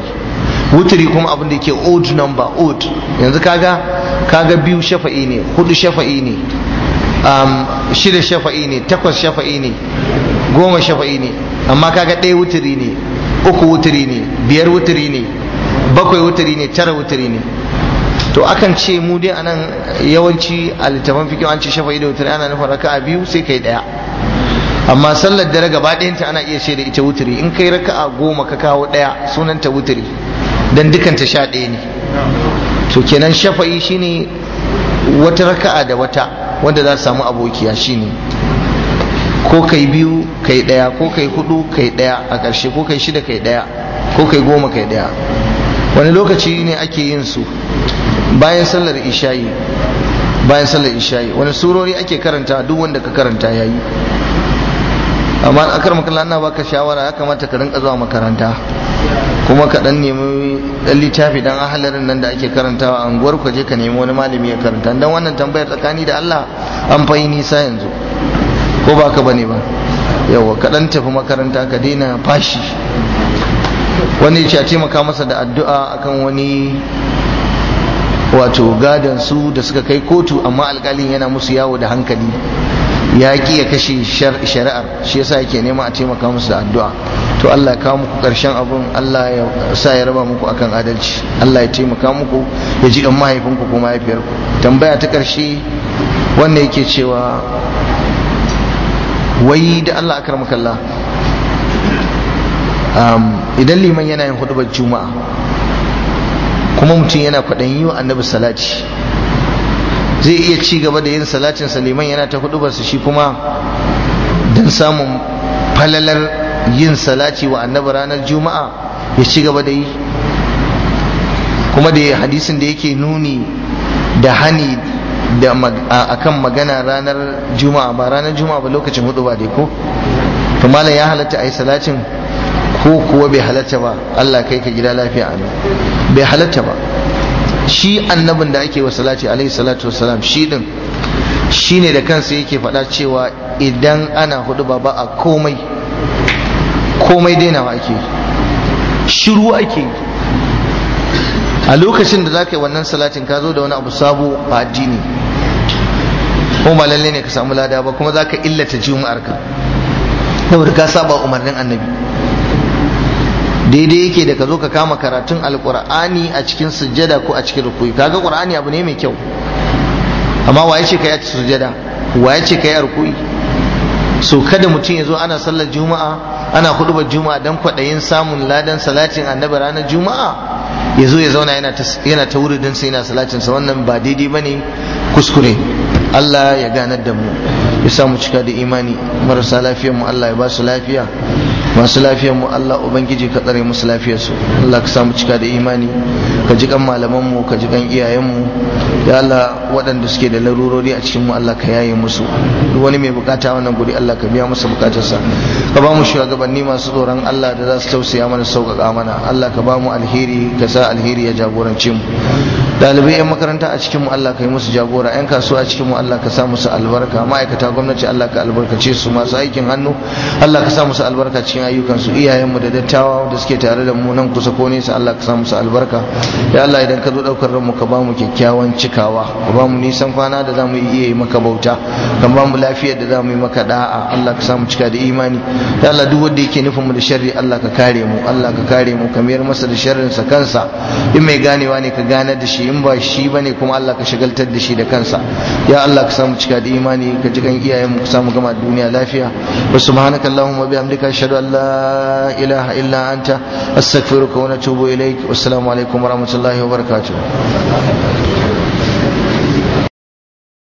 wuturi kuma abin da yake old number old. yanzu kaga kaga biyu shafa'i ne hudu shafa'i ne um, shida shafa'i ne takwas shafa'i ne goma shafa'i ne amma kaga ɗaya wuturi ne uku wuturi ne biyar wuturi ne bakwai wuturi ne tara wuturi ne to akan ce mu dai anan yawanci a littafin fikin an ce shafa'i da wuturi ana nufin raka'a biyu sai kai ɗaya amma sallar dare gaba ɗayanta ana iya ce da ita wuturi in kai raka'a goma ka kawo ɗaya sunanta wuturi dan dukanta sha ɗaya ne to kenan shafa'i shine wata raka'a da wata wanda za su samu abokiya shine ko kai biyu kai daya ko kai hudu kai daya a karshe ko kai shida kai daya ko kai goma kai daya wani lokaci ne ake yin su bayan sallar isha'i bayan sallar isha'i wani surori ake karanta duk wanda ka karanta yayi amma a akar kalla ana baka shawara ya kamata ka rinka zuwa makaranta kuma ka dan nemi dan littafi dan ahalarin nan da ake karantawa a unguwar ka je ka nemi wani malami ya karanta dan wannan tambayar tsakani da Allah an fa nisa yanzu ko ba ka bane ba yawa kaɗan tafi makaranta ka daina fashi wani ya ce a taimaka masa da addu'a akan wani wato gadon su da suka kai kotu amma alkalin yana musu yawo da hankali ya ki ya kashe shari'ar shi yasa yake nema a taimaka musu da addu'a to Allah ya kawo muku ƙarshen abun Allah ya sa ya raba muku akan adalci Allah ya taimaka muku ya ji ɗan mahaifinku ko mahaifiyarku tambaya ta ƙarshe wannan yake cewa wai da Allah kalla, idan liman yana yin hudubar juma'a kuma mutum yana kwaɗan yi wa annabi salati zai iya ci gaba da yin salatin liman yana ta hudubarsa shi kuma don samun falalar yin salati wa annabi ranar juma'a ya ci gaba da yi kuma da hadisin da yake nuni da hani da akan magana ranar juma'a ba ranar juma'a ba lokacin hudu ba dai ko to malam ya halatta yi salatin ko kuwa bai halatta ba Allah kai ka gida lafiya amin bai halatta ba shi annabin da ake wa salati alaihi salatu wassalam shi din shine da kansa yake faɗa cewa idan ana hudu ba ba a komai komai dainawa ake shiru ake a lokacin da za ka yi wannan salatin ka zo da wani abu sabo a addini ko ba lalle ne ka samu lada ba kuma zaka illata ka da ka saba umarnin annabi daidai yake da ka zo ka kama karatun alqur'ani a cikin sujjada ko a cikin rukuyi kaga qur'ani abu ne mai kyau amma waye ce ka yi sujjada waye ce ka yi rukuyi so kada mutum ya zo ana sallar juma'a ana hudubar juma'a dan kwaɗayin samun ladan salatin annabi ranar juma'a ya ya zauna yana ta wuridin sai yana salatin sa wannan ba daidai bane kuskure Allah ya ganar da mu ya sa mu cika da imani marasa lafiyar mu Allah ya ba su lafiya masu lafiyar mu Allah ubangiji ka tsare musu lafiyar su Allah ka sa mu cika da imani ka ji kan malaman mu ka ji kan iyayen mu ya Allah waɗanda suke da larurori a cikin mu Allah ka yaye musu wani mai bukata wannan guri Allah ka biya masa bukatarsa ka ba mu shugabanni masu tsoron Allah da za su tausaya mana sauƙaƙa mana Allah ka ba mu alheri ka sa alheri ya jagorance mu dalibai yan makaranta a cikin mu Allah ka yi musu jagora yan kasuwa a cikin Allah ka sa musu albarka ma'aikata gwamnati Allah ka albarkace su masu aikin hannu Allah ka sa musu albarka cikin ayyukan su iyayen mu da dattawa da suke tare da mu nan kusa ko nesa Allah ka sa musu albarka ya Allah idan ka zo ɗaukar ranmu ka ba mu kyakkyawan cika cikawa ka ba mu nisan kwana da zamu iya yi maka bauta ka ba mu lafiyar da zamu yi maka da'a Allah ka samu cika da imani ya Allah duk wanda yake nufin mu da sharri Allah ka kare mu Allah ka kare mu ka masa da sharrin sa kansa in mai ganewa ne ka gane da shi in ba shi bane kuma Allah ka shagaltar da shi da kansa ya Allah ka samu cika da imani ka ji kan iyayen mu ka samu gama duniya lafiya wa subhanaka allahumma bihamdika ashhadu an la ilaha illa anta astaghfiruka wa natubu ilaik wassalamu alaikum warahmatullahi wabarakatuh